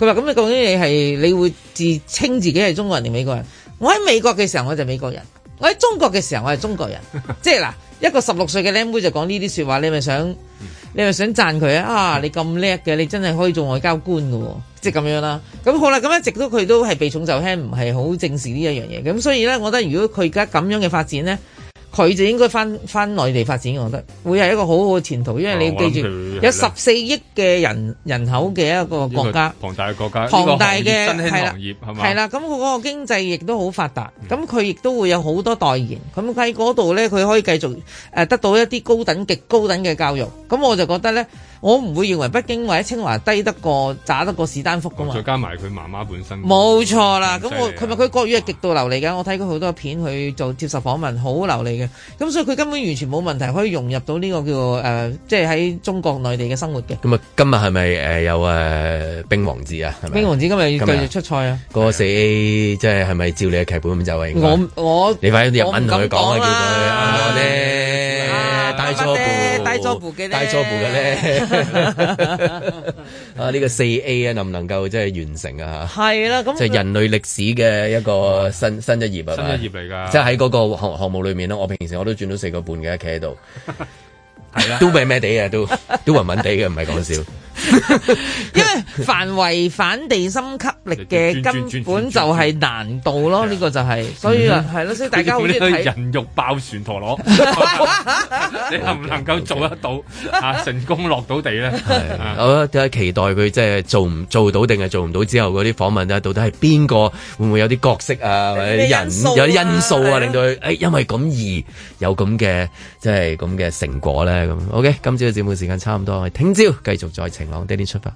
佢話咁你究竟你係你會自稱自己係中國人定美國人？我喺美國嘅時候我就美國人。我喺中國嘅時候，我係中國人，即係嗱，一個十六歲嘅僆妹就講呢啲説話，你咪想，你咪想讚佢啊！啊，你咁叻嘅，你真係可以做外交官嘅喎，即係咁樣啦。咁好啦，咁一直都佢都係避重就輕，唔係好正視呢一樣嘢。咁所以呢，我覺得如果佢而家咁樣嘅發展呢。佢就應該返返內地發展，我覺得會係一個好好嘅前途，因為你記住有十四億嘅人人口嘅一個國家，龐大嘅國家，龐大嘅企業，係啦，係啦，咁佢嗰個經濟亦都好發達，咁佢、嗯、亦都會有好多代言，咁喺嗰度呢，佢可以繼續誒得到一啲高等、極高等嘅教育，咁我就覺得呢。我唔會認為北京或者清華低得過、差得過史丹福噶嘛。再加埋佢媽媽本身，冇錯啦。咁我佢咪佢國語係極度流利嘅，我睇過好多片去做接受訪問，好流利嘅。咁所以佢根本完全冇問題，可以融入到呢個叫做誒，即係喺中國內地嘅生活嘅。咁啊，今日係咪誒有冰王子啊？冰王子今日要繼續出賽啊？個四 A 即係係咪照你嘅劇本咁就啊？我我你快啲日文同佢講啊，叫佢唔好大桌盤嘅咧，啊呢個四 A 啊能唔能夠即係完成啊？係啦，咁即係人類歷史嘅一個新新一頁啊！新一頁嚟噶，即係喺個項項目裏面咯，我平時我都轉到四個半嘅，企喺度，係啦，都咩咩地啊都都穩穩地嘅，唔係講笑， 因為凡違反地心吸。力嘅根本就係難度咯，呢個就係，所以啊，係咯，所以大家好中意睇人肉爆旋陀螺，你能唔能夠做得到啊？成功落到地咧，係，我都期待佢即係做唔做到定係做唔到之後嗰啲訪問咧，到底係邊個會唔會有啲角色啊，或者啲人有啲因素啊，令到佢誒因為咁而有咁嘅即係咁嘅成果咧？咁，OK，今朝嘅節目時間差唔多，我哋聽朝繼續在晴朗的一天出發。